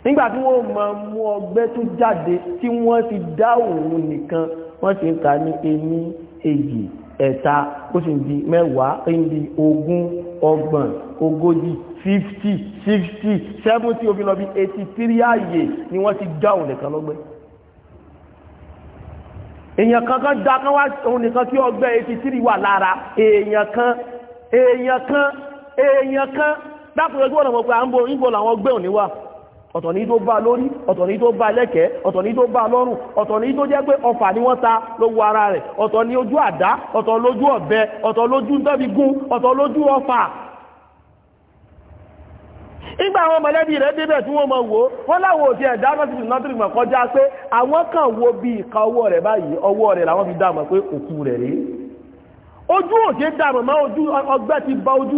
nígbà tí wọ́n mọ̀ mú ọgbẹ́ tó jáde tí wọ́n ti dá òun nìkan wọ́n ti ń ka ní ẹni èyí ẹ̀ta ó sì ń di mẹ́wàá ó ogún ọgbọ̀n ogójì fifty sixty seventy ó fi lọ bí eighty three ààyè ni wọ́n ti dá òun nìkan lọ́gbẹ́ èèyàn kankan dá kan wá òun nìkan kí ọgbẹ́ eighty three wà lára èèyàn kan èèyàn kan èèyàn kan dákùnrin ojú ọ̀nà mọ̀ pé a ń bo ìgbò làwọn gbé òní wà ọ̀tọ̀ ní tó bá lórí ọ̀tọ̀ ní tó bá lẹ́kẹ̀ẹ́ ọ̀tọ̀ ní tó bá lọ́rùn ọ̀tọ̀ ní tó jẹ́ pé ọfà ni wọ́n ta lówó ara rẹ̀ ọ̀tọ̀ ní ojú àdá ọ̀tọ̀ lójú ọ̀bẹ ọ̀tọ̀ lójú ọ̀tọ̀ lójú ọfà àwọn mọ̀lẹ́bí rẹ̀ débẹ̀ tí wọ́n mọ̀ wò wọ́n ẹ̀dá kọjá pé àwọn kan wo bí ìka ọwọ́ rẹ̀ báyìí ọwọ́ rẹ̀ làwọn fi dámọ̀ pé òkú rẹ̀ rí ojú dámọ̀ mọ́ ọgbẹ́ ti ba ojú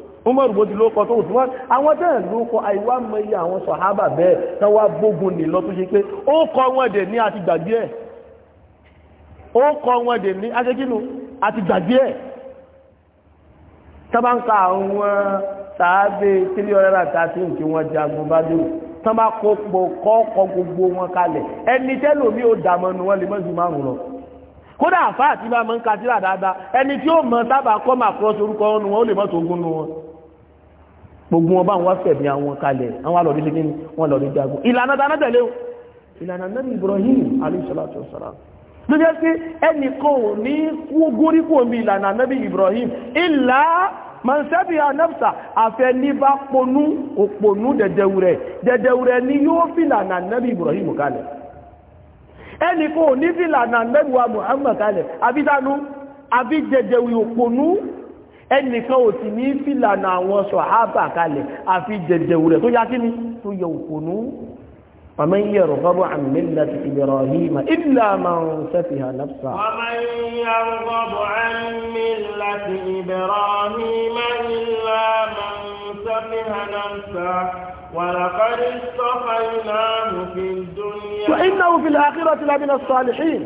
Umaru bó ti ló kọ tó wù síwọ́n àwọn tẹ́ẹ̀ ló kọ àìwá mẹ́yẹ àwọn sọ̀hábà bẹ́ẹ̀ tán wá gbógun nì lọ tó ṣe pé ó kọ wọn dẹ̀ ní àti gbàgbé ẹ̀ ó kọ wọn dẹ̀ ní aṣẹ́gínú àti gbàgbé ẹ̀ tán bá ń ka àwọn sàábé 313 tí wọ́n jagun bá dé tán bá kọ́ kọ́ gbogbo wọn kalẹ̀ ẹni tẹ́lòmí ó dàmọ́nu wọn lè mọ́jú márùn lọ kódà àfáà tí bá mọ́ ń ka sílà dáadáa ẹni tí ó mọ́ sábà kọ́ mà kọ́ sorúkọ ọnù wọn ó lè mọ́ tó gúnnú wọn gbogbo wọn bá wọn fẹ̀mí àwọn kalẹ̀ àwọn alọ̀dí lé nínú wọn lọ̀dí jagun ìlànà dáná tẹ̀lé o ìlànà náà Ibrahim alayhisalatu wasalam ló jẹ́ pé ẹnìkan ò ní góríkò mi ìlànà náà Ibrahim ìlà mọ̀nsẹ́bí anẹ́fṣà àfẹnibá ponú òponú dẹ̀dẹ̀wùrẹ̀ dẹ̀dẹ̀wùrẹ̀ ni yóò fi ìlànà náà Ibrahim kalẹ̀ ẹnìkan ò ní fi ìlànà náà Muhammad kalẹ̀ àbídánú àbí dẹ̀dẹ̀wì òponú ẹnìkan ò sì ní fìlànà àwọn sọ̀hábà kalẹ̀ àfi jẹjẹwò rẹ̀ tó yá kí ni tó yẹ òkùnú ومن يرغب عن ملة إبراهيم إلا من سفه نفسه ومن يرغب عن ملة إبراهيم إلا من سفه نفسه ولقد اصطفيناه في الدنيا وإنه في الآخرة لمن الصالحين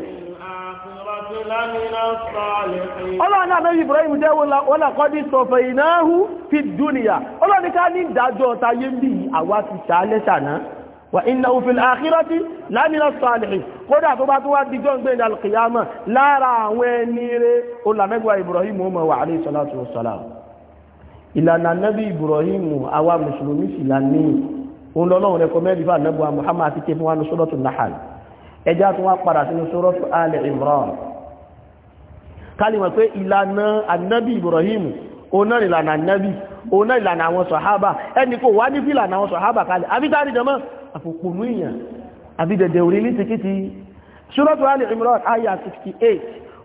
ọlọ́run náà mẹ́rin Ibrahim jẹ́ wọ́n lákọ́dí sọ̀fẹ̀ ìnáhú fi dúnìyà ọlọ́run ká ní ìdájọ́ tayé bí àwa ti ṣàálẹ́ṣàná wà iná òfin àkírọ́tí lámìnà sọ̀lẹ̀ kódà tó bá tó wá díjọ́ ń gbẹ̀yìn alkiyama lára àwọn ẹni rẹ̀ olàmẹ́gbà Ibrahim ọmọ wà alayhi salatu wassalam ìlànà nẹ́bí Ibrahim àwa mùsùlùmí sì lánìí òun lọ́lọ́run rẹ̀kọ́mẹ́dì wá padà sínú suratul Al Imran kálìmọ̀ pé ìlànà annabi ibrahim oná ìlànà annabi oná ìlànà àwọn sọ̀hábà ẹni kò wá ní fìlànà àwọn sọ̀hábà kalẹ̀ àbítàrí jọmọ́ àfòpònú èèyàn àbídẹ̀dẹ̀ orí ní tikiti ṣúrọ́tù alì imran aya 68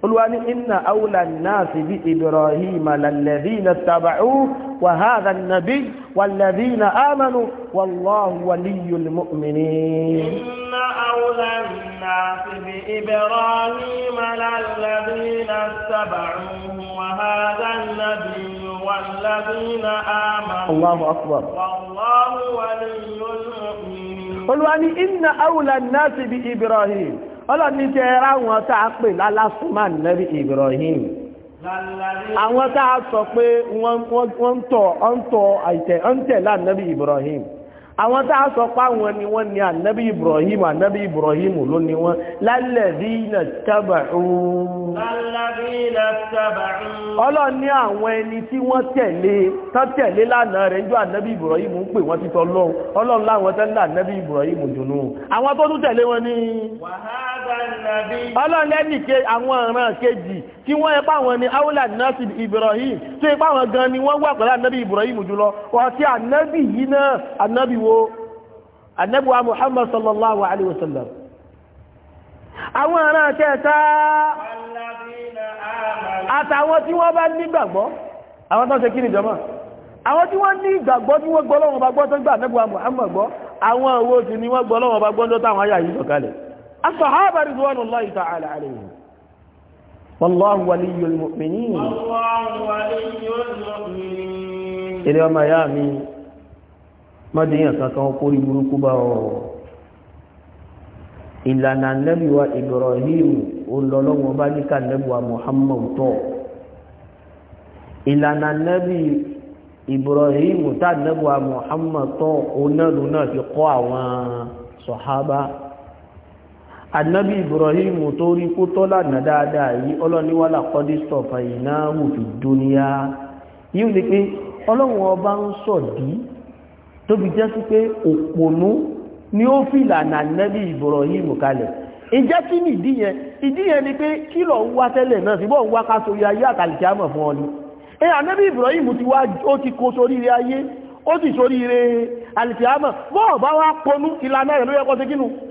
قل ان اولى الناس بابراهيم للذين اتبعوه وهذا النبي والذين امنوا والله ولي المؤمنين ان اولى الناس بابراهيم للذين اتبعوه وهذا النبي والذين امنوا الله اكبر والله ولي المؤمنين قل ان اولى الناس بابراهيم ọlọ́ni tẹ ráwọn tá a pè lálásùmá nẹ́bí Ibrahim àwọn tá a sọ pé wọ́n tọ̀ ọ̀ntọ̀ àìtẹ̀ ọ̀ntẹ̀ lánàbí Ibrahim àwọn tá a sọ pé àwọn ni wọ́n ní ànábí Ibrahim ànábí Ibrahim ló ní wọ́n lálẹ́bí na tábàrú ọlọ́ni àwọn ẹni tí wọ́n tẹ̀lé tán tẹ̀lé lánàá rẹ̀ jọ ànábí ọlọ́lẹ́nì ke àwọn ọ̀ràn kejì tí wọ́n yẹpa àwọn ni aula nasi ibrahim tó yẹpa àwọn gan ni wọ́n wà pẹ̀lú anabi ibrahim jùlọ ọ̀tí anabi yìí náà anabi wo anabi wa muhammad sallallahu alaihi wasallam àwọn ọ̀ràn kẹta àtàwọn tí wọ́n bá nígbàgbọ́ àwọn tó ń ṣe kí ni jọmọ́ àwọn tí wọ́n ní ìgbàgbọ́ tí wọ́n gbọ́ lọ́wọ́ bá gbọ́ tó gbà anabi wa muhammad gbọ́ àwọn òwò sì ni wọ́n gbọ́ lọ́wọ́ bá gbọ́ tó táwọn ayà yìí sọ̀kalẹ̀ الصحابة رضوان الله تعالى عليهم والله ولي المؤمنين والله ولي المؤمنين ilé ọmọ ìyá mi mọ́díyàn kankan kórí burúkú bá ọ̀rọ̀ ìlànà nẹ́bíwa Ibrahim olọ́lọ́wọ́n bá níka nẹ́bíwa Muhammad tọ́ ìlànà nẹ́bí Ibrahim tá nẹ́bíwa Muhammad tọ́ onẹ́lú náà fi kọ́ àwọn sọ̀hábá anabi ibrahim tó rí kó tọ́lá nà dáadáa yìí ọlọ́ni wà sọ̀fà iná hù fi yíò ní pé ọlọ́run ọba ń sọ̀dí tó fi jẹ́ sí pé òpònú ni ó fi lànà anabi ibrahim kalẹ̀ ìjẹ́ kí ni pé kí lọ wá tẹ́lẹ̀ náà wá ká sórí ayé àtàlìkí àmọ̀ fún ọ ni ẹ ibrahim ti wá ó ti kó sórí ayé ó sì sórí àlìkí àmọ̀ bọ́ọ̀ bá wá ponú ìlànà rẹ̀ ló yẹ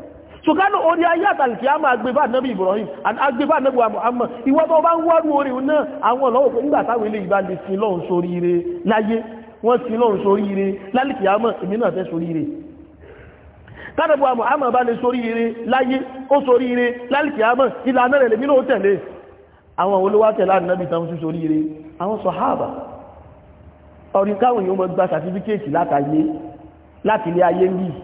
so kánú orí ayé àtàlìkì a máa gbé bá nábì Ibrahim agbé bá nábì Muhammad ìwọ́n tó bá ń wárú orí náà àwọn ọ̀lọ́wọ́ pé nígbà táwọn ìbá lè sin lọ́run sórí ire láyé wọ́n sin lọ́run sórí ire lálìkì a máa èmi náà fẹ́ sórí ire kánàbù Muhammad bá lè sórí ire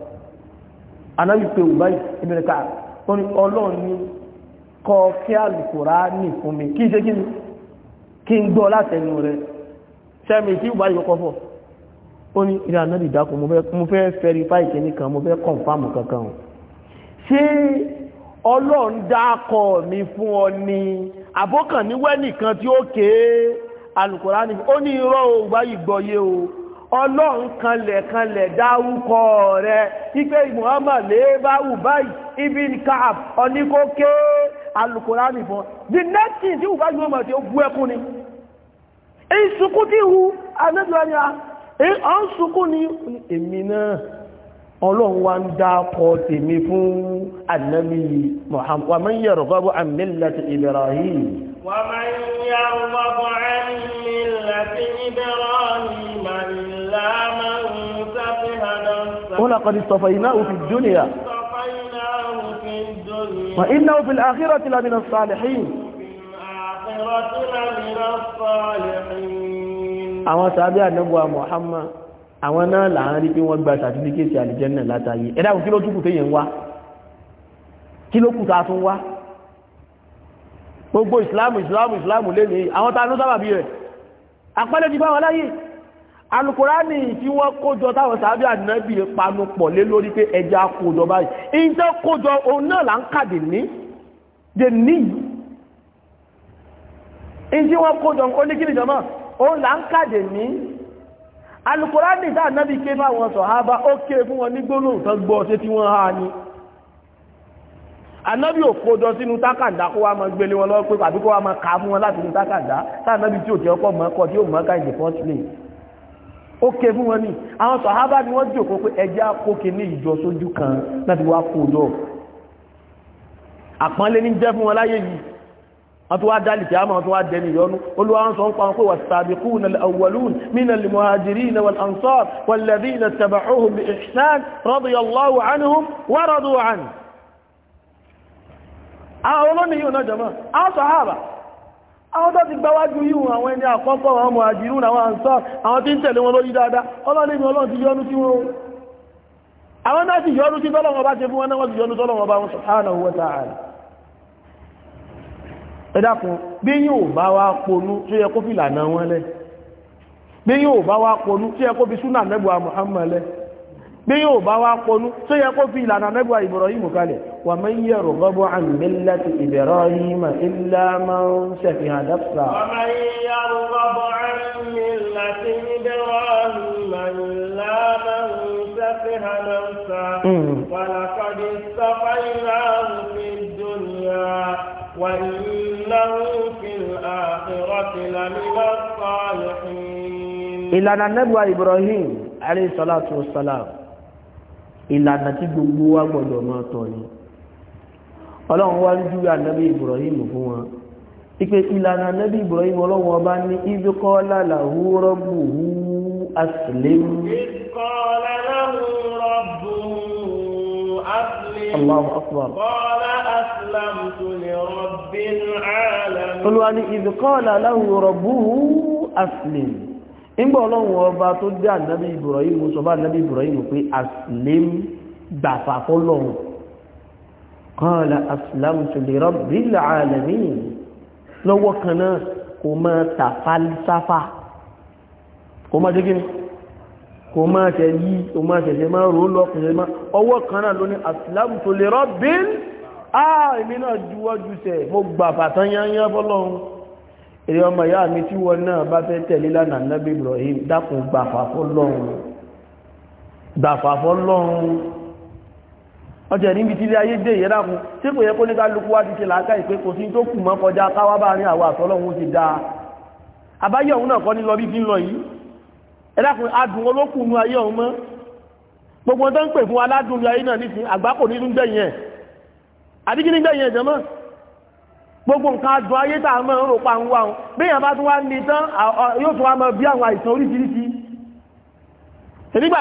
anábì pé Ubay ibn Ka'b ó ní ọlọ́run ní kọ kí Al-Qur'ani fún mi kí ṣe kí ni kí n gbọ́ látẹnu rẹ̀ sẹ́mi tí Ubay yọkọ fọ́ ó ní ìrìn anábì dákun mo fẹ́ fẹ́rifáì kìíní kan mo fẹ́ kọ̀ǹfàmù kankan ṣé ọlọ́run dákọ̀ mi fún ọ ni àbókàn níwẹ́ nìkan tí ó kéé Al-Qur'ani ó ní irọ́ Ubay gbọ́yé o ọlọ́run kanlẹ̀ kanlẹ̀ dáwúkọ rẹ̀ ipé Muhammad lèébáwù báyìí ibn Ka'ab oníkókè alukora fún the next thing tí wùbá yóò mọ̀ tí ó bú ẹkún ni ìsùnkú tí hu anẹ́gbẹ̀rẹ́ ọ ń sunkún ní èmi náà ọlọ́run wa ń dákọ tèmi fún annabi Muhammad wa man yarghabu an millati Ibrahim ومن يرغب عن ملة إبراهيم إلا من سفه نفسه ولقد اصطفيناه في الدنيا وإنه في الآخرة لمن الصالحين àwọn sàábí àdẹ́gbà Muhammad àwọn náà láàárín pé wọ́n gba sàtífíkẹ́sì àlìjẹ́nà látàyé ẹ̀dàkùn kí ló túkù tẹ́yẹ̀ ń wá kí ló kù tàà tún wá gbogbo ìsìláàmù ìsìláàmù ìsìláàmù lè ní àwọn tánú sábàbí rẹ̀ àpẹẹlẹ̀ ti bá wọn láyé alukùránì tí wọ́n kójọ táwọn sàábí ànábì panu pọ̀ lé lórí pé ẹja kójọ báyìí ìjọ kójọ òun náà là ń kàdì ní dè ní ìjí wọ́n kójọ ó ní kíni jọmọ́ òun là ń kàdì ní alukùránì tá ànábì ké fáwọn sọ̀hábà ó ké fún wọn ní gbólóhùn tán gbọ́ sí tí wọ́n há ni anábì òkòjọ sínú tákàndá kó wá mọ́ gbélé wọn lọ́wọ́ pé àbí kó wá mọ́ ká mú wọn láti inú tákàndá táànábì tí ò jẹ́ ọkọ̀ mọ́ ọkọ̀ tí ó mọ́ ká ìdè first ó ké fún wọn ní àwọn sọ̀hábà ni wọ́n jòkó pé ẹjẹ́ àkókè ní ìjọ sójú kan láti wá kó àpọ́nlé ní jẹ́ fún wọn láyé yìí wọ́n tó wá dálì tí a tó wá dẹni yọnu olúwa ń pàwọn pé wà sàbíkún al'awwalun mina limuhajiri na wal'ansar wallazi na taba'uhum bi ihsan radiyallahu anhum wa radu anhu àwọn olónìí yóò náà jọmọ́ àwọn sọ̀hábà àwọn tó ti gbáwájú yíò àwọn ẹni àkọ́kọ́ àwọn mọ̀hàjírù àwọn àǹsọ́ àwọn tí ń tẹ̀lé wọn lórí dáadáa ọlọ́nìí ọlọ́run ti yọ́nú sí wọn àwọn náà ti yọ́nú sí tọ́lọ́wọ́ ti wa na bí bí yóò bá wá pọnú tó yẹ kó fi ìlànà mẹ́gbà Ibrahim kalẹ̀ wà mẹ́ yẹ rọ̀gọ́bọ̀ àmìlẹ́ ti Ibrahim illa man shafiha nafsa wà mẹ́ yẹ rọ̀gọ́bọ̀ àmìlẹ́ ti Ibrahim illa man shafiha nafsa wà lákàdé sáfà ìlànà mẹ́gbà Ibrahim alayhi salatu wassalam ìlànà tí gbogbo wa gbọ́dọ̀ máa tọ̀ ni ọlọ́run wá rí júwé Ibrahim fún wọn ipe ìlànà ànábì Ibrahim ọlọ́run ọba ní ibi kọ́ lálahu nígbà ọlọ́run ọba tó dé ànábì Ibrahim sọ bá ànábì Ibrahim pé aslim gbàfà fọ́lọ́run qala aslamtu li rabbil alamin lọ́wọ́ kan náà kò mọ́ tàfàlísáfà kò mọ́ dé gíní kò mọ́ ṣe yí kò mọ́ ṣẹ̀ṣẹ̀ máa rò lọ́kùnrin máa ọwọ́ kan èrè ọmọ ìyá mi tí wọ́n náà bá fẹ́ tẹ̀lé lánà nábì Ibrahim dákun gbàfàfọ́ lọ́run gbàfàfọ́ lọ́run ọjọ́ níbi tí ilé ayé dé ìyẹ́ dákun tí kò yẹ kó ní kálukú wá ti ṣe làákà ìpé kò sí tó kù mọ́ kọjá káwá bá rí àwọn àtọ́lọ́run ti dáa gbogbo nǹkan adùn ayé tà mọ́ ń ròpa ń wá wọn béèyàn bá tún wá ní tán yóò tún wá mọ bí àwọn àìsàn oríṣiríṣi nígbà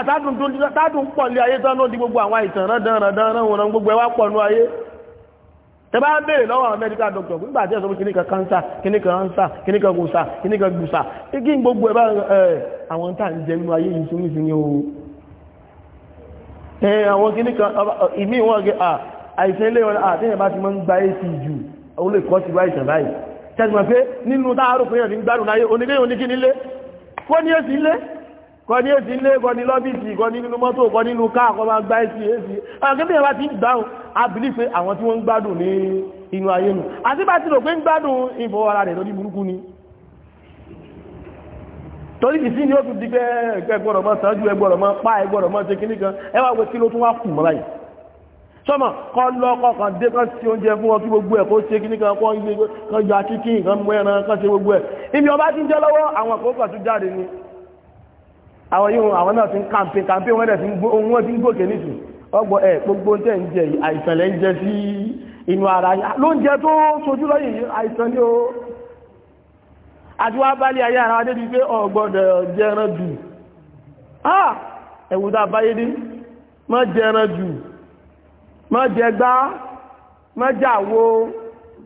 tádùn pọ̀ lé ayé tán ló di gbogbo àwọn àìsàn rándan rándan ránwòrán gbogbo ẹwà pọ̀ nú ayé tẹ́bá ń béèrè lọ́wọ́ àwọn medical doctor nígbà tí ẹ̀sọ́ pé kíníkan cancer kíníkan ansa kíníkan gùsà kíníkan gùsà kí gbogbo ẹ̀bá àwọn tàà ń jẹ nínú ayé yìí sínú ìsinmi o àwọn kíníkan ìmí wọn àìsàn ilé wọn àti ẹ̀bá ti mọ́ ń gba ac jù òun lè kọ́ sí wá ìṣàn báyìí tẹ́sìmọ̀ pé nínú táàrù fún èèyàn ní gbádùn láyé oníkéyàn ní kí nílé kọ́ ní èsì ilé kọ́ ní èsì ilé kọ́ ní lọ́bìsì kọ́ ní nínú mọ́tò kọ́ nínú káà kọ́ máa gbá èsì èsì àwọn kébìyàn bá ti ń dáhùn abìlí pé àwọn tí wọ́n ń gbádùn ní inú ayé nù àti bá ti rò pé ń gbádùn ìfọwọ́ra rẹ̀ lórí burúkú ni torí ìsí ni ó tún di pé ẹgbọ́rọ̀ mọ́ sáájú ẹgbọ́rọ̀ mọ́ sọ́mọ̀ kọ́ lọ́kọ́ kan dé kan sí oúnjẹ fún wọn gbogbo ẹ̀ kó ṣe kí nìkan kọ́ ilé kan yọ akíkí nǹkan mú ẹran kan ṣe gbogbo ẹ̀ ibi ọba ti ń jẹ́ lọ́wọ́ àwọn àkókò tún jáde ni àwọn yìí àwọn náà ti ń kàmpé kàmpé wọn ti ń gòkè nìsín ọgbọ ẹ gbogbo tẹ ń jẹ àìsàn ń jẹ sí inú ara lóúnjẹ tó sojú lọ́yìn àìsàn ni o àti wá bálé ayé ara adé wípé ọgbọ́dọ̀ jẹran jù ẹ̀wùdá báyé dé má jẹran jù má jẹ gbá má jẹ àwo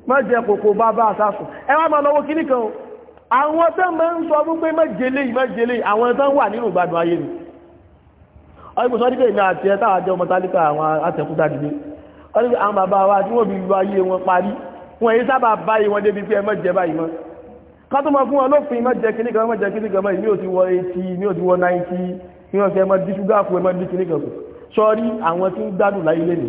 má jẹ kòkó bàbá àsásùn ẹ wá máa lọ́wọ́ kíní kan o àwọn tó máa ń sọ wípé má jẹlé yìí má jẹlé àwọn tó wà nínú ìgbádùn ayé ni ọdún sọ níbẹ̀ ìmì àti ẹ táwọn àjọ mọ̀tálíkà àwọn àtẹ̀kúta dìde ọdún àwọn bàbá wa tí wọ́n bí lu ayé wọn parí wọn èyí sábà báyìí wọn débi pé ẹ má jẹ báyìí mọ́ kátó máa fún wọn lófin má jẹ kíní kan má jẹ kíní kan mọ́ ìmí ò ti wọ etí ìmí ò ti wọ náìtì ìmí ò ẹ má dí ṣúgà kù ẹ má dí kíní kan kù sọ́ọ́rí àwọn tí ń gbádùn láyé lé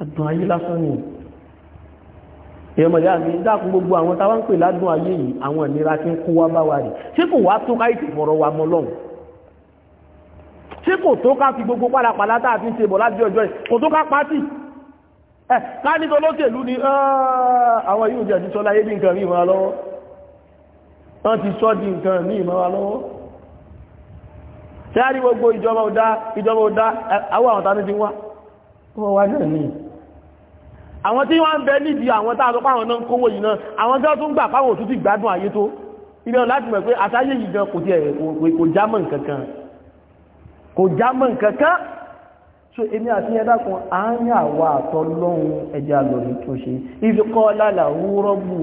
adùn ayé lásán ni ìyẹmọ̀ ìyá mi dákun gbogbo àwọn táwa ń pè ládùn ayé yìí àwọn ìnira tí ń kó wá bá wa rè ṣé kò wá tó káyìí ti fọ̀rọ̀ wa mọ́ lọ́hùn ṣé kò tó ká fi gbogbo pàlàpàlà tá a fi ń ṣe bọ̀ láti ọjọ́ yìí kò tó ká pátì ẹ ká ní tolóṣèlú ni àwọn àwọn tí wọ́n ń bẹ níbi àwọn tààtọ páwọn náà kówó yìí náà àwọn tí wọ́n tún gbà páwọn òtútù ìgbádùn ayé tó ilẹ̀ láti mọ̀ pé àtàyè yìí gan kò tí kò jámọ̀ nǹkankan so èmi àti ẹ̀dá kan àárín àwa àtọlọ́run ẹja lórí tó ṣe ìfikọ́ lálàwú rọ́bù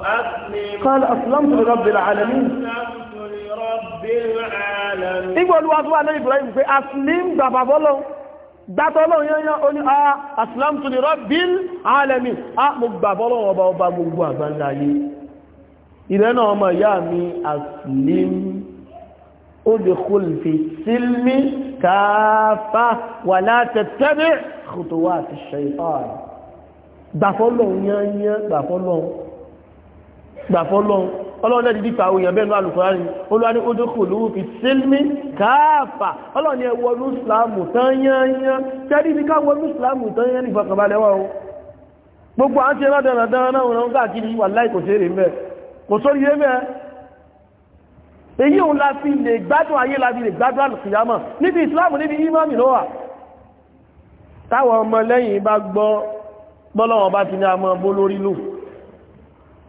وأسلم قال أسلمت لرب العالمين Igbó olúwa tó wà lórí Ibrahim pé Aslim bàbá bọ́lọ́, dátọ́ lọ́wọ́ yányán ó ní àà Aslam tó ní Rabbil Alamin, a mú gbà bọ́lọ́ ọba ọba gbogbo àgbáńlá ayé. Ìrẹ́ náà ọmọ ìyá mi Aslim, ó lè kúlùfì sílmí káfà wà látẹ̀tẹ́bẹ̀ gbà fọ́lọ́run ọlọ́run náà dídí pàwọ̀ èèyàn bẹ́ẹ̀nu alùkùnrin olúwa ní ojú kò lówó fi sílmí káàfà ọlọ́run ni ẹwọ lùsùlámù tán yányán tẹ́lí ní káwọ lùsùlámù tán yányán ní ìfọkànbalẹ̀ wà o gbogbo àti ẹ̀rọ dára dára náà wọn káàkiri wà láì kò ṣeré mẹ́ kò sórí yé mẹ́ èyí òun la fi lè gbádùn ayé la fi lè gbádùn àlùkìyàmọ̀ níbi ìsìlámù níbi ìmáàmì lọ́wà táwọn ọmọ lẹ́yìn bá gbọ́ bọ́lọ́wọ́n bá ti ní a mọ́ bó lórí lò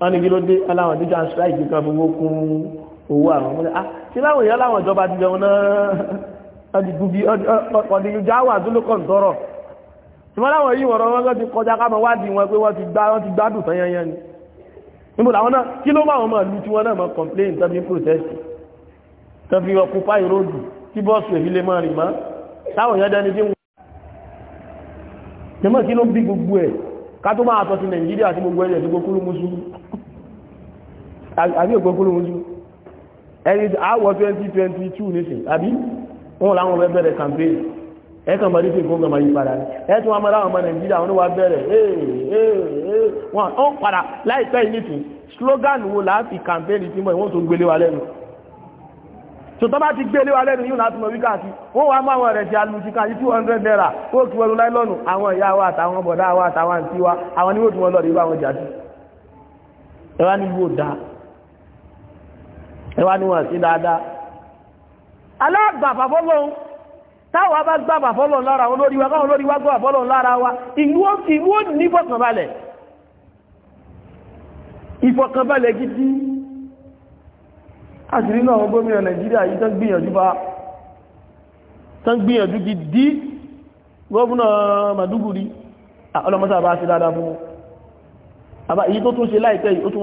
wọ́n ní kí ló dé aláwọn ìdíjọ́ àṣírá ìgbìkan fún gbókún owó àwọn ọmọdé ah tí láwọn èèyàn láwọn ìjọba ti jẹun náà ọdìgbùbí ọdìgbùjá wà tó ló kàn tọrọ tí wọ́n láwọn yìí wọ̀rọ̀ wọ́n ti kọjá káàmọ̀ wádìí wọn pé wọ́n ti gbá wọ́n gbádùn tán ni níbo làwọn náà kí ló máa wọn máa lu tí wọ́n náà máa complain tàbí protest tàbí ọkùnfà ìròdù tí bọ́ọ̀sù èyí lè máa rìn mọ́ táwọn èèyàn dẹni tí wọ́n. kí ló bí gbogbo ẹ̀ ká tó máa sọ ti nàìjíríà tí gbogbo ẹ̀ àbí ògbọ́n gbólóhùn jù ẹni àwọ̀ 2022 nìsìn àbí wọn làwọn ọmọ bẹ̀rẹ̀ campaign ẹ̀kan bá dípé ìgbóngàn máa yí padà ẹ̀tún wọn mọ́ra ọmọ nàìjíríà wọn wá bẹ̀rẹ̀ wọn ó padà láìpẹ́ ìnìtì slogan wo láti campaign ti mọ́ ìwọ́n tó gbélé wa lẹ́nu tó tọ́ bá ti gbélé wa lẹ́nu yóò láti mọ̀ wíkà sí wọ́n wá mọ́ àwọn rẹ̀ ti alùsíkà yí 200 naira ó kí wọ́n láìlọ́nù àwọn ìyá wa àtàwọn bọ̀dá wa àtàwọn àǹtí wa àwọn níwò tí wọ́n lọ́ọ̀dẹ̀ ìwà àwọn jà sí ẹwà ní yóò dáa ẹ wá ní wọn sí dáadáa alágbàfà fọ́lọ́hun táwa bá gbàfà fọ́lọ́hun lára wọn lórí wa káwọn lórí wa gbàfà fọ́lọ́hun lára wa ìlú ó ní ìfọ̀kànbalẹ̀ ìfọ̀kànbalẹ̀ gidi àṣírí náà wọn gómìnà nàìjíríà yìí tán gbìyànjú bá tán gbìyànjú gidi gómìnà Maiduguri ọlọ́mọ́sá bá sí dáadáa fún wọn èyí tó tún ṣe láìpẹ́ yìí ó tún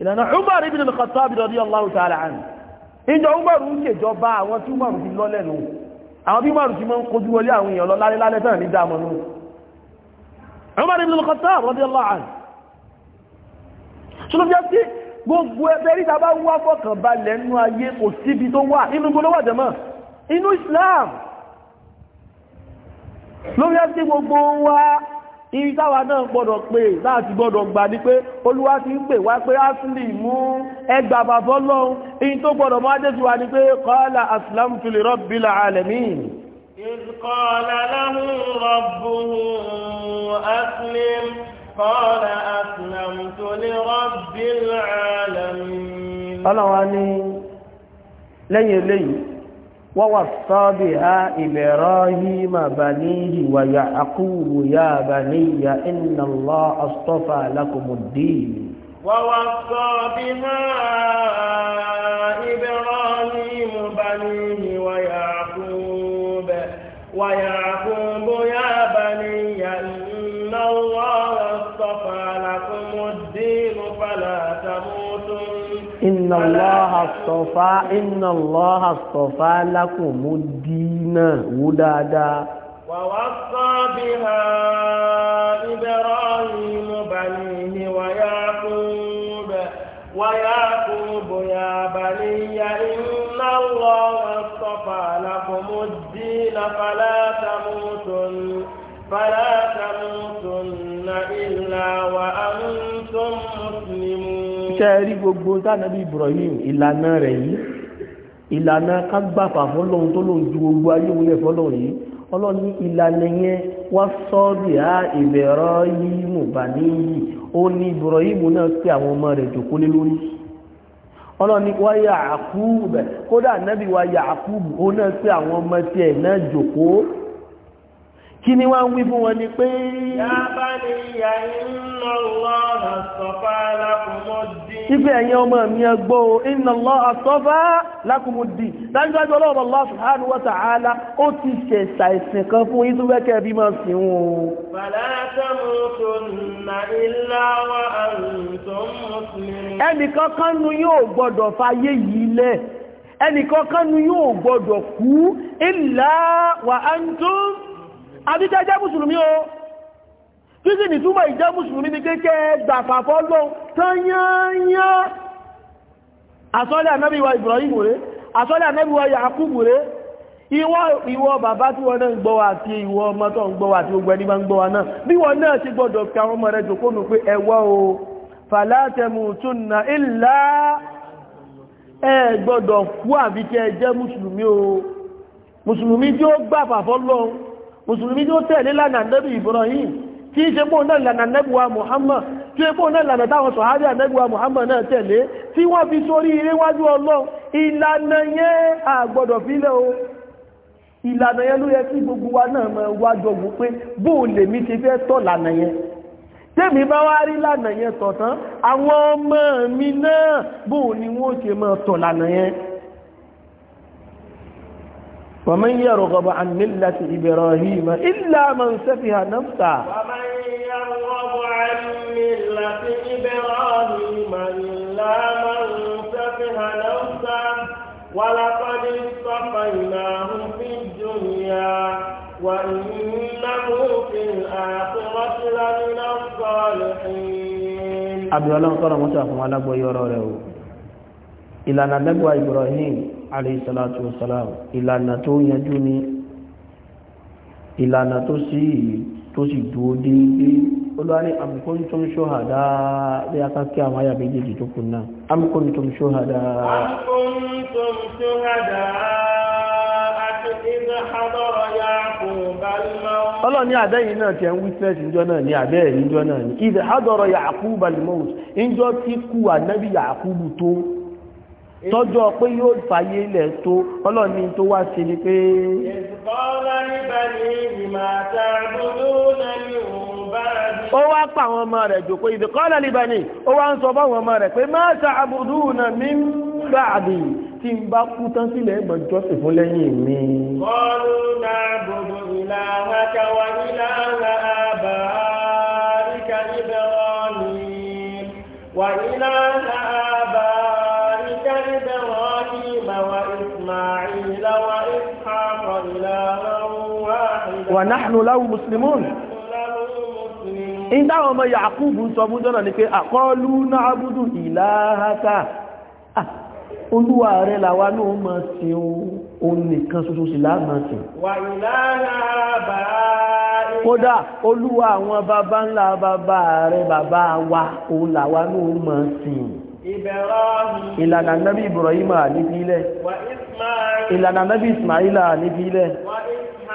ìlànà Umar ibn al-Khattab radiyallahu ta'ala anhu ìjọ Umar ń ṣèjọba àwọn tí Umar ti lọ́lẹ̀ nù àwọn bí Umar ti mọ́ ń kojú wọlé àwọn èèyàn lọ lálẹ́ lálẹ́ tán ní dámọ́ nù Umar ibn al-Khattab radiyallahu anhu ṣùgbọ́n jẹ́ sí gbogbo ẹgbẹ́ rí tàbá wá fọ́kàn balẹ̀ nínú ayé ibi táwa náà gbọ́dọ̀ pé láti gbọ́dọ̀ gbà ní pé olúwa ti ń pè wá pé asìlì mú ẹgbà bàbọ́ lọ́un èyí tó gbọ́dọ̀ máa jẹ́ síwá ní pé qala aslamtu li rabbil alamin iz qala lahu rabbuhu aslim qala ووصى بها إبراهيم بنيه ويعقوب يا بني إن الله اصطفى لكم الدين ووصى بها إبراهيم بنيه ويعقوب ويعقوب inna Allaha astafa inna Allaha astafa lakumu dínà wó dáadáa. ووصى بها إبراهيم بنيه ويعقوب ويعقوب يا بني إن الله اصطفى لكم الدين فلا تموتن فلا تموتن إلا وأنتم مسلمون ṣẹ́ẹ̀rí gbogbo tánàbí Ibrahim ìlànà rẹ̀ yìí ìlànà kágbàfà fọ́lọ́run tó lóun ju gbogbo ayé wọlé fọ́lọ́run yìí ọlọ́run ìlànà yẹn wá sọ́ọ̀bì á ìbẹ̀rọ yìí mò bà níyì ó ní Ibrahim náà pé àwọn ọmọ rẹ̀ jòkó lé lórí ọlọ́run ní wá Yàkúbù kódà nábì wá Yàkúbù ó náà pé àwọn ọmọ tiẹ̀ náà jòkó kí ni wá ń wí fún wọn ni pé. yábàlì ìyá iná lọ àsọfá lákùmọ́dì. ibẹ̀ ẹ̀yẹn ọmọ mi ẹ gbọ́ iná lọ àsọfá lákùmọ́dì dájúdájú ọlọ́run Allah subhanahu wa ta'ala ó ti ṣẹ̀ṣà ìsìn kan fún yín tó fẹ́kẹ́ bí máa sìn wọn o. bàlá wa àrùn yóò gbọ́dọ̀ fayé yìí lẹ̀ ẹnìkan yóò gbọ́dọ̀ kú ilá wa antum àbíkẹ́ jẹ́ mùsùlùmí o kí sì ní túmọ̀ ìjẹ́ mùsùlùmí ní kéèkẹ́ gbàfàfọ́ lọ tányányá àsọ́lẹ̀ ànábíwa Ibrahim rẹ̀ àsọ́lẹ̀ ànábíwa Yakubu rẹ̀ ìwọ ìwọ bàbá tí wọ́n náà ń gbọ́wà àti ìwọ ọmọ tó ń gbọ́wà àti ogun ẹni máa ń gbọ́wà náà bí wọ́n náà ti gbọ́dọ̀ kí àwọn ọmọ o fàlátẹ̀mù túnnà ìlà mùsùlùmí tí ó tẹ̀lé lánàá nẹ́bì Ibrahim tí í ṣe pọ́ náà lànà nẹ́bùwa Muhammad tí ó pọ́ náà lànà táwọn sọ̀hárí ànẹ́bùwa Muhammad náà tẹ̀lé tí wọ́n fi sórí iréwájú Ọlọ́run ìlànà yẹn a gbọ́dọ̀ fílẹ̀ o ìlànà yẹn ló yẹ kí gbogbo wa náà mọ wájọ wò pé bó o lè mi ti fẹ́ tọ̀ lànà yẹn tèmi bá wá rí ni wọ́n ṣe mọ tọ̀ lànà yẹn ومن يرغب عن ملة إبراهيم إلا من سفه نفسه ومن يرغب عن ملة إبراهيم إلا من سفه نفسه ولقد اصطفيناه في الدنيا وإنه في الآخرة لمن الصالحين عبد الله صلى الله عليه وسلم ìlànà lẹ́gbàá Ibrahim alayhi salatu wasalam ìlànà tó yanjú ni ìlànà tó sì tó sì dúó déédé olúwarí am kuntum shuhada bí a ká kí àwọn ayà méjèèjì tó kù náà am kuntum shuhada am kuntum shuhada ọlọ́ni àbẹ́yìn náà ti ń wítẹ́sì ìjọ náà ni àbẹ́ẹ̀rí ìjọ náà ni ìdí hadara Ya'qub al-maut ìjọ tí kú ànábì Ya'qubu tó tọ́jọ́ pé yóò fàyé ilẹ̀ tó ọlọ́ni tó wá ṣe ni pé ó wá pa àwọn ọmọ rẹ̀ jòkó ìdíkọ́lá libani ó wá ń sọ báwọn ọmọ rẹ̀ pé máa ta àbùdúnà mi ń gbà àbì tí ń bá kú tán sílẹ̀ ẹgbẹ̀ jọ́sìn fún lẹ́yìn mi kọlu wà nahnu lahu muslimun in táwọn ọmọ Yakubu sọ fún jọ́nà ni pé àkọọ́lú náà búdù ìlàáhátà olúwa rẹ̀ làwa náà mọ̀ sí òun nìkan ṣoṣo sí láàmà sí kódà olúwa àwọn bàbá ńlá ìlànà nábì Ibrahim níbi ilẹ̀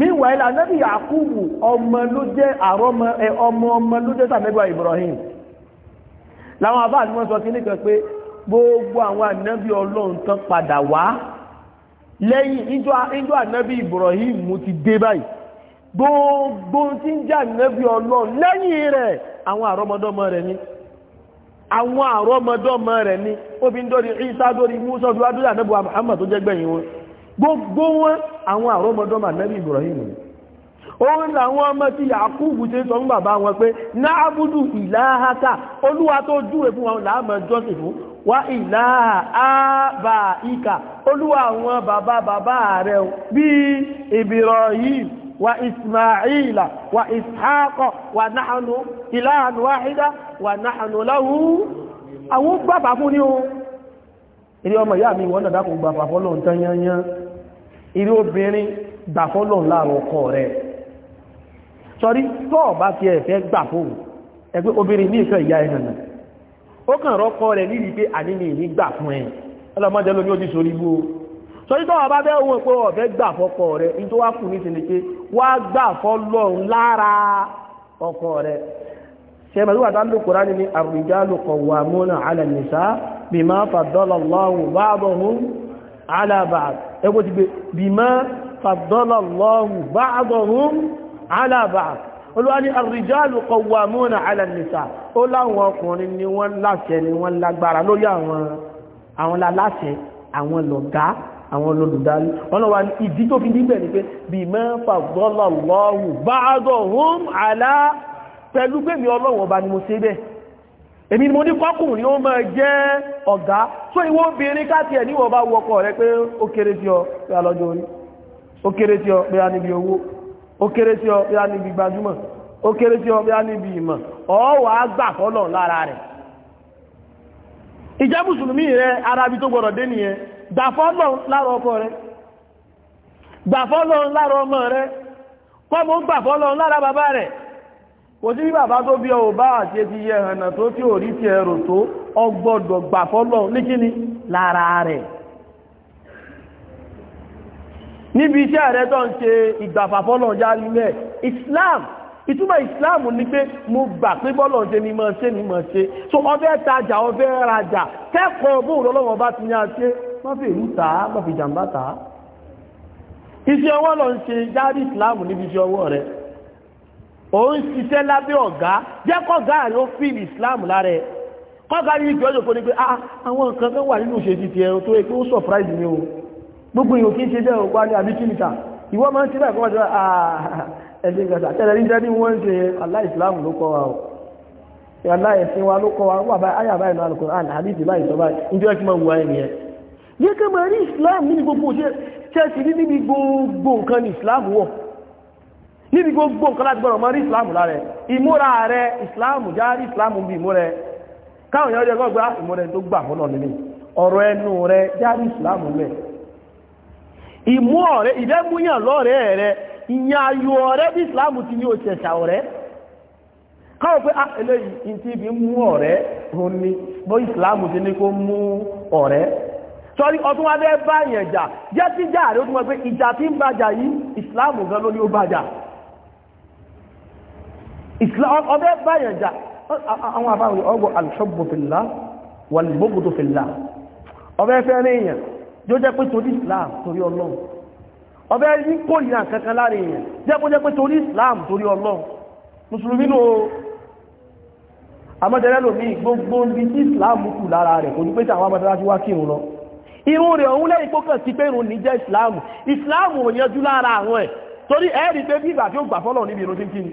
meanwhile anabi yakubu ọmọ ló jẹ́ àrọ́mọ ẹ ọmọ ọmọ ló jẹ́ sàmẹ́gbà ibrahim láwọn àbá àti wọ́n sọ kí nìkan pé gbogbo àwọn anabi ọlọ́run tán padà wá lẹ́yìn ìjọ anabi ibrahim ti dé báyìí gbogbo tí ń jẹ́ anabi ọlọ́run lẹ́yìn rẹ̀ àwọn àrọ́mọdọ́mọ rẹ̀ ni àwọn àrọ́mọdọ́mọ rẹ̀ ni ó fi isa dórí musa dúró anabi muhammad tó jẹ́ gbẹ̀yìn wọn gbogbo wọn àwọn ma nẹ́bí Ibrahim òun làwọn ọmọ tí Yakubu ṣe sọ fún bàbá wọn pé náàbùdù ìlàáhátà olúwa tó fún wọn láàmà jọ́sìn wá ìlàá oluwa Ibrahim wa Ismaila wa Ishaqa wa nahanu ilahan wahida wa nahanu lahu àwọn gbàbà fún ní o ọmọ ìyá mi wọ́n nàdákùn gbàbà irú obìnrin gbà fọ́lọ̀ láàrùn ọkọ rẹ̀ sọrí tọ́ọ̀ bá ti ẹ̀fẹ́ gbà fóòrù ẹgbẹ́ obìnrin ní ìfẹ́ ìyá ẹ̀hànà ó kàn rọ́kọ rẹ̀ níbi pé àníní ní gbà fún ẹ ọlọ́mọdé lómi ó ti sorí bú o sọrí tọ́ọ̀ bá fẹ́ wọ́n pé ọ̀fẹ́ gbà fọ́kọ rẹ̀ ní tó wá kù ní sinmi pé wá gbà ala ba'd ẹgbẹ́ ti gbé bima faddala Allahu ba'dahum ala ba'd olúwa ní ar-rijalu qawwamuna ala an-nisa ó láwọn ọkùnrin ni wọ́n láṣẹ ni wọ́n lágbára lórí àwọn àwọn láṣẹ àwọn lọ̀gá àwọn olùdarí ọ̀nà wa ìdí tó fi níbẹ̀ ni pé bima faddala Allahu ba'dahum ala pẹ̀lú gbẹ̀mí ọlọ́wọ̀n ọba ni mo ṣe bẹ́ẹ̀ èmi ni mo ní kọkùnrin ó máa jẹ́ ọ̀gá tó ìwọ obìnrin káti ẹ̀ níwọ̀ bá wọkọ̀ rẹ pé ó kéré tí ọ pé a lọ́jọ́ orí ó kéré tí ọ pé a níbi owó ó kéré tí ọ pé a níbi gbajúmọ̀ ó kéré tí ọ pé a níbi ìmọ̀ ọ̀wà gbà fọ́lọ̀ lára rẹ̀ ìjẹ́ mùsùlùmí rẹ arabi tó gbọ́dọ̀ dé nìyẹn gbà fọ́lọ̀ lára ọkọ rẹ kò sí bàbá tó bí ọ bá àti ti yẹ ẹ̀hànà tó tí ò rí ti ẹ̀rò tó ọgbọ́dọ̀ gbà fọ́lọ̀ ní kíni lára rẹ̀ níbi iṣẹ́ rẹ̀ tó ń ṣe ìgbàfà fọ́lọ̀ já nílẹ̀ Islam ìtumọ̀ Islam ní pé mo gbà pé bọ́lọ̀ ṣe ni mọ̀ ṣe ni mọ̀ so ọbẹ̀ tajà ọbẹ̀ rajà kẹ́kọ̀ọ́ bóòrọ̀ lọ́wọ́ bá ti ní àṣẹ mọ́fì ìlú tàá mọ́fì jàǹbá tàá Islam níbi iṣẹ́ ọwọ́ ò ń ṣiṣẹ́ lábẹ́ ọ̀gá jẹ́ kọ́gá ló fi islam lára ẹ̀ kọ́gá ní ìjọ òjò ní pé ah, àwọn nǹkan kan wà nínú òṣèṣì ti ẹ̀rọ tó yẹ pé ó surprise mi o gbogbo èèyàn kí ń ṣe bẹ́ẹ̀ wá ní àbí kíníkà ìwọ máa ń ṣe bẹ́ẹ̀ kọ́ máa ah, ẹ̀sìn ìgbàsà tẹ́lẹ̀ ní jẹ́ ní wọ́n ń ṣe alá islam ló kọ́ wa o ìyàlá ẹ̀sìn wa ló kọ́ wa wà báyìí ayà báyìí náà lọ́kọ̀ àná àbí ìdìbà ìsọba ìjọ ẹ̀sìn máa wù wáyé nìyẹn yẹ kẹ́ máa rí islam nínú gbogbo ṣe ṣe ti rí níbi gbogbo nǹkan ní islam wọ̀ níbi gbogbo nǹkan láti gbọ́nà mọ́ rí ìsìláàmù lára ìmúra rẹ ìsìláàmù já rí ìsìláàmù bí ìmúra káwọn èèyàn jẹ́ gbọ́gbá tó gbà fọ́nà nílé ọ̀rọ̀ ẹnu rẹ já rí ìsìláàmù mẹ́ ìmú ọ̀rẹ́ ìdẹ́múyàn lọ́rẹ́ rẹ ìyẹn ayò ọ̀rẹ́ bí ìsìláàmù ti ní òṣèṣà ọ̀rẹ́ káwọn pé eléyìí ọdún jà jẹ́ ó pé ìjà tí ń bàjà yìí ọbẹ̀ báyàn jà àwọn àbáwọn ọgbọ̀ al-hubbu fillah wal-bughdu fillah ọbẹ̀ fẹ́ ríyàn yóò jẹ́ pé torí islam torí ọlọ́run ọbẹ̀ ní kòrìyàn kankan láàrin èèyàn jẹ́ kó jẹ́ pé torí islam torí ọlọ́run mùsùlùmí ló àmọ́jẹ́rẹ́ lòmí gbogbo ibi tí islam kù lára rẹ̀ kò ní pé tàwọn amọ́jẹ́rẹ́ ti wá kí ìrún lọ irun rẹ̀ òun lẹ́yìn tó kàn sí pé ìrún ní jẹ́ islam islam ò lára àwọn ẹ̀ torí ẹ̀rí pé bí ìgbà tí ó gbà fọ́lọ̀ níbi ìrún tí ń kí ni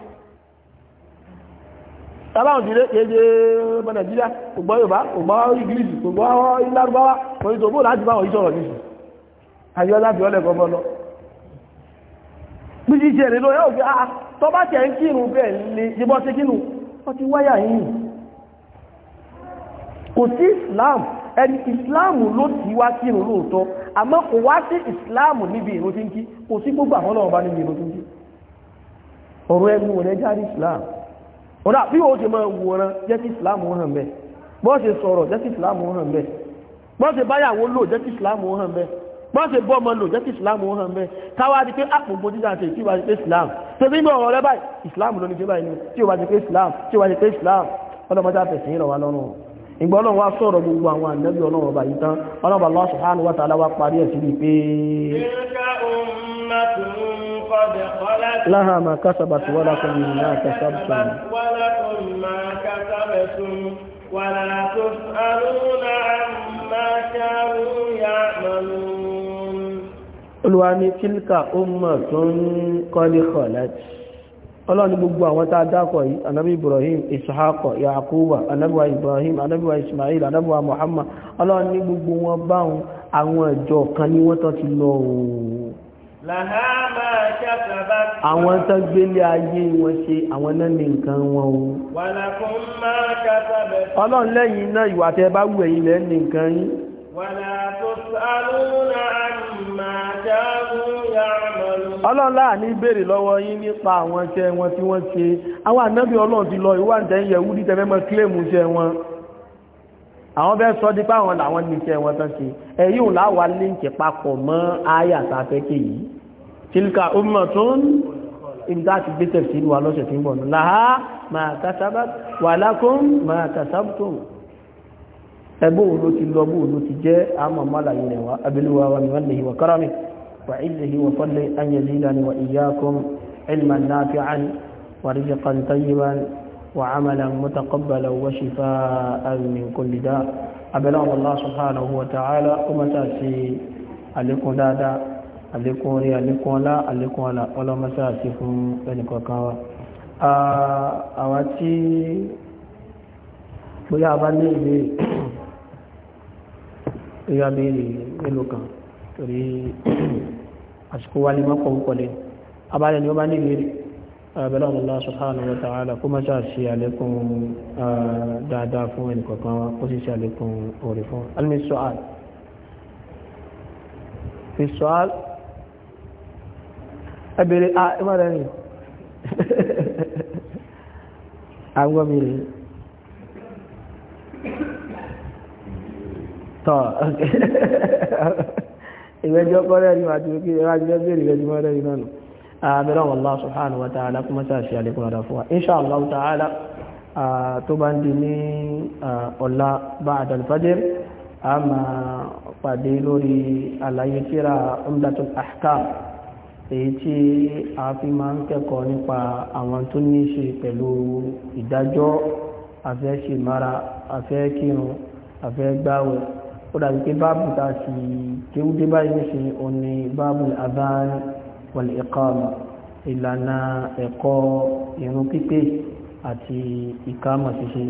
tàbáwọn ti léje ọmọ nàìjíríà kò gbọ́ yorùbá kò gbọ́ ìgírísì kò gbọ́ ìlárúbáwá pẹ̀lú tó bóòlù láti báwọn ìṣọ̀rọ̀ nìṣù ayọ́lá fi ọlẹ̀ gọbọ lọ bí i ṣe rèlò yóò fi àà ah, tọ́ bá tẹ̀ ń kírun bẹ́ẹ̀ lè jíbọ́ sí kínú wọ́n ti wáyà yìí kò sí islam ẹni islam ló ti wá kírun lóòótọ́ àmọ́ kò wá sí islam níbi ìrun tí ń kí kò sí gbogbo àwọn ọlọ́run bá níbi ìrun tí ń kí ọ̀rọ̀ ẹnu rẹ̀ jáde islam ọ̀dá bí ó ti máa wòran jẹ́ kí ìsìláàmù hàn bẹ́ bọ́ ṣe sọ̀rọ̀ jẹ́ kí ìsìláàmù hàn bẹ́ bọ́ ṣe báyàwó lò jẹ́ kí ìsìláàmù hàn bẹ́ bọ́ ṣe bọ́mọ lò jẹ́ ìsìláàmù hàn bẹ́ káwá di pé àpòpò ah, jíjà tí islam ṣe bí islam ló ní ṣe báyìí tí islam tí ó islam ọlọ́mọdé àfẹ̀sìn ìrọ̀wá lọ́rùn ìgbà ọlọ́run wá sọ̀rọ̀ gbogbo àwọn ànábì ọlọ́run ọba yìí tán أمة قد خلت لها ما كسبت ولكم ما كسبتم ولكم ما كسبتم ولا تسألون عما كانوا يعملون Olúwa ní tílkà ọmọ tó ń kọ́lé kọ̀lẹ́tì. Ọlọ́run gbogbo àwọn tá a dákọ̀ yìí, Anábí Ibrahim, Ìṣàkọ̀, Yàkúbà, Anábíwa Ibrahim, Anábíwa Ismail, Anábíwa Muhammad, Ọlọ́run ní gbogbo wọn báhùn àwọn ìjọ kan ní wọ́n tọ́ ti lọ òòrùn àwọn tó gbélé ayé wọn ṣe àwọn náà ní nǹkan wọn o ọlọ́run lẹ́yìn náà ìwà tẹ bá wù ẹ̀yìn lẹ́ ní nǹkan yín ọlọ́run láàní béèrè lọ́wọ́ yín nípa àwọn iṣẹ́ wọn tí wọ́n ṣe àwọn ànábì ọlọ́run ti lọ ìwà ìtẹ́yẹ̀wú dítẹ́fẹ́ mọ́ kílèmù iṣẹ́ wọn àwọn bẹ́ẹ̀ sọ dípá àwọn làwọn ní iṣẹ́ wọn tán ṣe ẹ̀yìn òun láwà líǹkì papọ̀ mọ́ àyà tàfẹ́kẹ́ yìí tilka ummatun ìgbà ti gbé tẹ̀sí ìlú wa lọ́sẹ̀ tí ń bọ̀ láhá ma kasabat wa lakum ma kasabtum ẹgbó òun ló ti lọ bó òun ló ti jẹ́ àmọ́ mọ́láyé rẹ̀ wá abiluwa wa niwallihi wa karami wa illihi wa fadli an yazidani wa iyyakum ilman nafi'an wa rizqan tayyiban وعملا متقبلا وشفاء من كل داء أبلغ الله سبحانه وتعالى ومتاسي عليكم دادا عليكم ري عليكم لا عليكم لا ولا مساسي فم بنكو كاوا àwátí bóyá bá ní ìwé ìyá béèrè mélòó kan torí àsìkò wálé mọ́kànlélẹ́ abálẹ̀ ni ó bá ní ìwé abẹ́lẹ́ Allah subhanahu wa ta'ala kó má ṣe àṣì àlékún dáadáa fún ẹnìkọ̀ọ̀kan wa kó sì ṣe àlékún òrè fún alimi sọ́àl fi sọ́àl ẹbẹ̀rẹ̀ a ẹ má rẹ̀ <laughs> tọ́ <laughs> ìwẹ́jọ́ kọ́rẹ́ ni màá ti rí kí ẹ bá ti fẹ́ bèèrè rẹ̀ abẹ́rẹ́ wọn Allah subhanahu wa ta'ala kó mọ́sá ṣe àlékún ọ̀dà fún wa insha Allah ta'ala tó bá ń di ní ọ̀la ba'da al-fajr a máa pàdé lórí àlàyé kíra umdatul ahkam èyí tí a fi máa ń kẹ́kọ̀ọ́ nípa àwọn tó ní ṣe pẹ̀lú ìdájọ́ afẹ́ ṣe mara ó dàbí pé báàbù tá a kéwúdé báyìí ní ṣe òní báàbù adhan wal-iqama ìlànà ẹ̀kọ́ ìrun pípé àti ìkámà ṣíṣe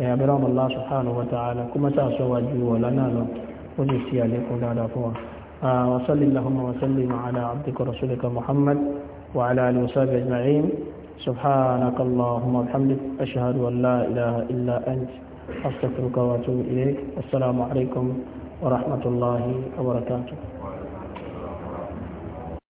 ẹ̀yàbẹ̀rẹ̀ Allah subhanahu wa ta'ala kó mọ́ta àṣọwájú ọ̀lá náà lọ ó lè ṣe àlékún dáadáa fún wa وصل اللهم وسلم على عبدك ورسولك محمد وعلى آله وصحبه أجمعين سبحانك اللهم وبحمدك أشهد أن لا إله إلا أنت أستغفرك وأتوب إليك السلام عليكم ورحمة الله وبركاته